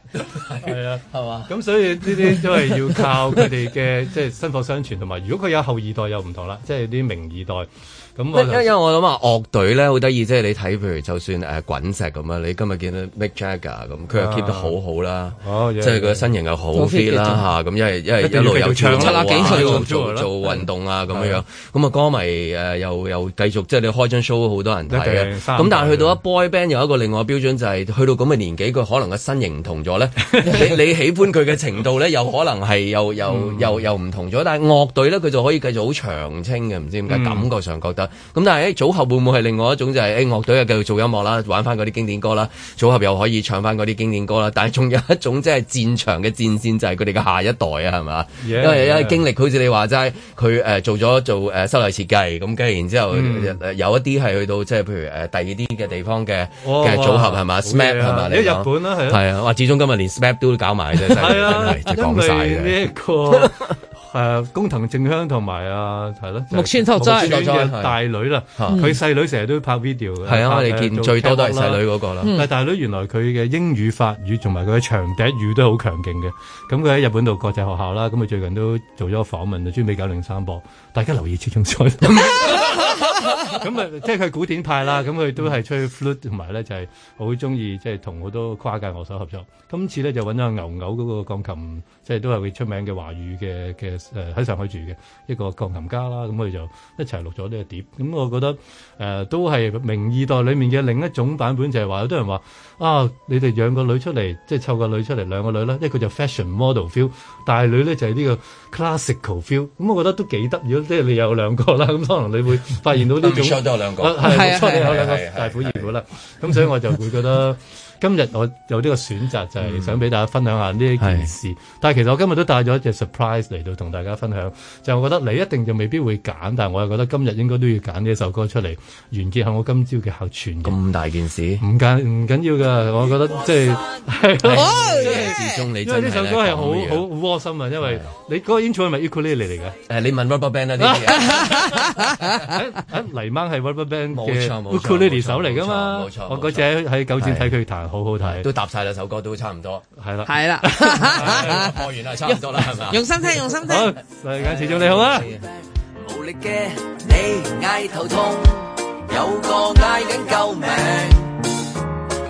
係啊，係嘛、啊，咁、啊啊、 所以呢啲都係要靠佢哋嘅即係薪火相傳，同埋如果佢有後二代又唔同啦，即係啲名二代咁。因為為我諗啊樂隊咧好得意，即係、就是、你睇譬如就算誒、啊、滾石咁啊，你今日見到 Mick Jagger 咁、啊，佢又 keep 得好好啦、啊，即係佢身形又好 fit 啦嚇。咁因為因為一路有唱啦啊幾歲做做，做運動啊咁樣樣，咁啊、嗯嗯、歌迷又又繼續即係你開張 show 好多人睇咁，但係去到 boy band 又有一個另外標準就係去到咁嘅年。年紀佢可能個身形唔同咗咧， 你喜歡佢嘅程度咧又可能係又又、嗯、又又唔同咗，但係樂隊咧佢就可以繼續好長青嘅，唔知點解、嗯、感覺上覺得咁。但係誒、欸、組合會唔會係另外一種就係、是、誒、欸、樂隊又繼續做音樂啦，玩翻嗰啲經典歌啦，組合又可以唱翻嗰啲經典歌啦。但係仲有一種即係戰場嘅戰線就係佢哋嘅下一代啊，係嘛？因為因為經歷好似你話齋，佢誒做咗做誒收音設計咁跟住，然之後有一啲係去到即係譬如誒第二啲嘅地方嘅嘅組合係咪 SMAP 係嘛？日本啦，係啊，話、啊啊、始終今日連 SMAP 都搞埋嘅啫，真係真係講晒嘅。呢一個啊，工藤、這個 啊、靜香同埋啊，係咯、啊就是，木村拓哉嘅大女啦，佢細、啊、女成日都拍 video 嘅。係啊，我哋、啊、見、啊、最多都係細女嗰個啦。但係大女原來佢嘅英語法語同埋佢嘅長笛語都好強勁嘅。咁佢喺日本度國際學校啦，咁佢最近都做咗個訪問啊，專俾九零三播，大家留意始中先。 咁啊，即係佢古典派啦，咁佢都係吹 flute，同埋咧就係好中意即係同好多跨界樂手合作。今次咧就揾咗牛牛嗰個鋼琴。即係都係會出名嘅華語嘅嘅誒喺上海住嘅一個鋼琴家啦，咁、啊、佢就一齊錄咗呢個碟。咁、嗯、我覺得誒、呃、都係名二代裡面嘅另一種版本，就係話有啲人話啊、哦，你哋養個女出嚟，即係湊個女出嚟兩個女啦，一個就 fashion model feel，大女咧就係、是、呢個 classical feel、嗯。咁我覺得都幾得意。如果即係你有兩個啦，咁可能你會發現到呢種，係 啊，係、嗯 啊、大婦二婦啦。咁、啊嗯、所以我就會覺得。 今日我有呢個選擇，就係、是、想俾大家分享下呢一件事。嗯、但係其實我今日都帶咗一隻 surprise 嚟到同大家分享，就係、是、我覺得你一定就未必會揀，但我又覺得今日應該都要揀呢一首歌出嚟，完結下我今朝嘅客串。咁大件事？唔緊唔緊要㗎，我覺得即係，即係，始終 你真係，因為呢首歌係好好窩心啊！因為你嗰、那個 intro 係咪 ukulele 嚟㗎？誒，你問 RubberBand 啊，嚟啦，黎芒係 RubberBand 嘅 ukulele 手嚟㗎嘛？我嗰隻喺九展睇佢彈。好好睇，都搭晒兩，首歌都差唔多，係啦，係 啦、啊，播完啦，差唔多啦，係嘛，用心聽，用心聽，世間始終你好啦，無力嘅你嗌頭痛，有個嗌緊救命，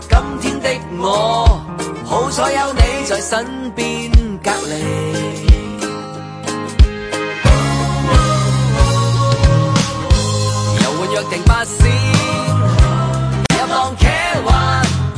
今天的我好彩有你在身邊，隔離，有玩約定八閃，有當 c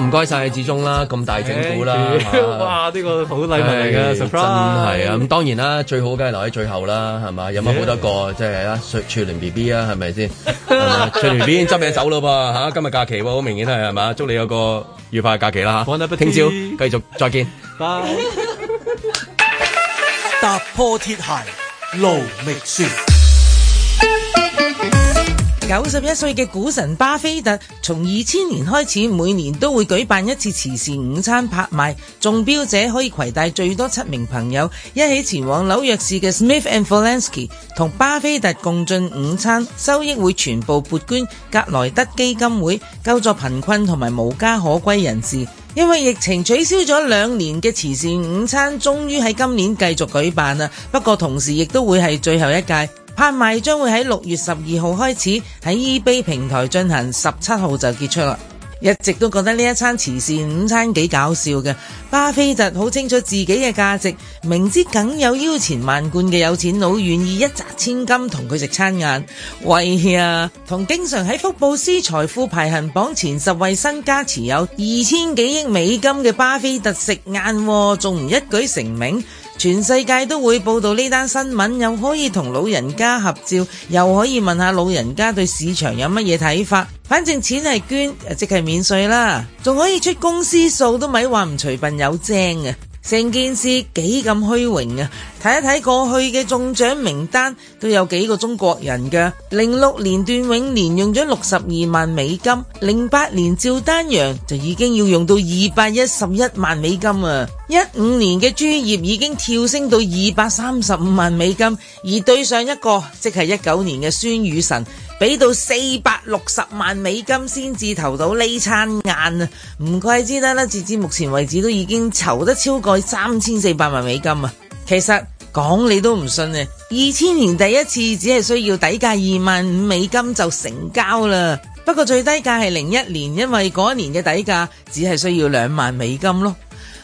唔該曬志忠啦，咁大政府啦、欸啊，哇！呢、呢個好禮物嚟嘅、欸，真係啊！咁、嗯、當然啦，最好梗係留喺最後啦，係嘛？有乜好得個？欸、即係啊，雪翠玲 B B 啊，係咪先？翠玲 B B 執嘢走咯噃嚇，今日假期喎、啊，好明顯係係嘛？祝你有個愉快嘅假期啦嚇！聽、bon、朝繼續再見。拜。 踏破鐵鞋路未絕。九十一歲嘅股神巴菲特，從二千年開始，每年都會舉辦一次慈善午餐拍賣，中標者可以攜帶最多七名朋友，一起前往紐約市嘅 Smith and Wollensky 同巴菲特共進午餐，收益會全部撥捐格萊德基金會，救助貧困同埋無家可歸人士。因為疫情取消咗兩年嘅慈善午餐，終於喺今年繼續舉辦啦。不過同時亦都會係最後一屆。拍賣將會喺六月十二號開始喺 eBay 平台進行，十七號就結束啦。一直都覺得呢一餐慈善午餐幾搞笑嘅，巴菲特好清楚自己嘅價值，明知梗有腰纏萬貫嘅有錢佬願意一擲千金同佢食餐晏，喂呀！同經常喺福布斯財富排行榜前十位身家持有二千幾億美金嘅巴菲特食晏，仲唔一舉成名？全世界都會報道呢單新聞，又可以同老人家合照，又可以問下老人家對市場有乜嘢睇法。反正錢係捐，即係免稅啦，仲可以出公司數，都咪話唔隨便有精成件事幾咁虛榮啊！睇一睇過去嘅中獎名單，都有幾個中國人噶。零六年段永年用咗六十二萬美金，零八年趙丹陽就已經要用到二百一十一萬美金啊！一五年嘅朱曄已經跳升到二百三十五萬美金，而對上一個即係一九年嘅孫宇晨。俾到四百六十萬美金先至投到呢餐晏啊！唔怪之得啦，截至目前為止都已經籌得超過三千四百萬美金啊！其實講你都唔信啊！二千年第一次只係需要底價二萬五美金就成交啦，不過最低價係零一年，因為嗰一年嘅底價只係需要兩萬美金咯。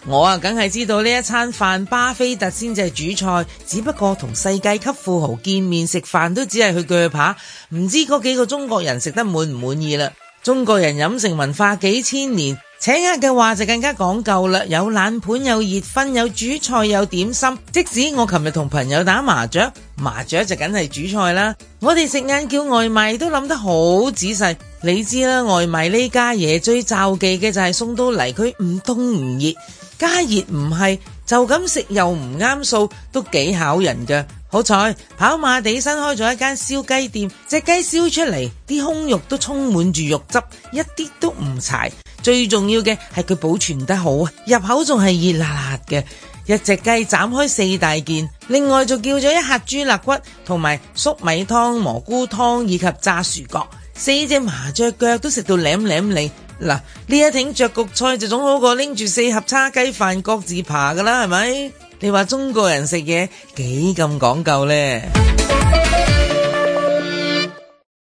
我啊，梗係知道呢一餐飯，巴菲特先至係主菜，只不過同世界級富豪見面食飯都只係去鋸扒，唔知嗰幾個中國人食得滿唔滿意啦？中國人飲食文化幾千年，請客嘅話就更加講究啦，有冷盤，有熱葷，有主菜，有點心。即使我琴日同朋友打麻雀，麻雀就梗係主菜啦。我哋食晏叫外賣都諗得好仔細。你知啦，外賣呢家嘢最罩忌嘅就係送到嚟佢唔凍唔熱，加熱唔係就咁食又唔啱數，都幾考人噶。好彩跑馬地新開咗一間燒雞店，隻雞燒出嚟啲胸肉都充滿住肉汁，一啲都唔柴。最重要嘅係佢保存得好啊，入口仲係熱辣辣嘅。一隻雞斬開四大件，另外就叫咗一客豬肋骨同埋粟米湯、蘑菇湯以及炸薯角。四隻麻雀腳都食到舐舐脷，嗱，呢一挺雀焗菜就總好過拎住四盒叉雞飯各自爬噶啦，係咪？你話中國人食嘢幾咁講究咧？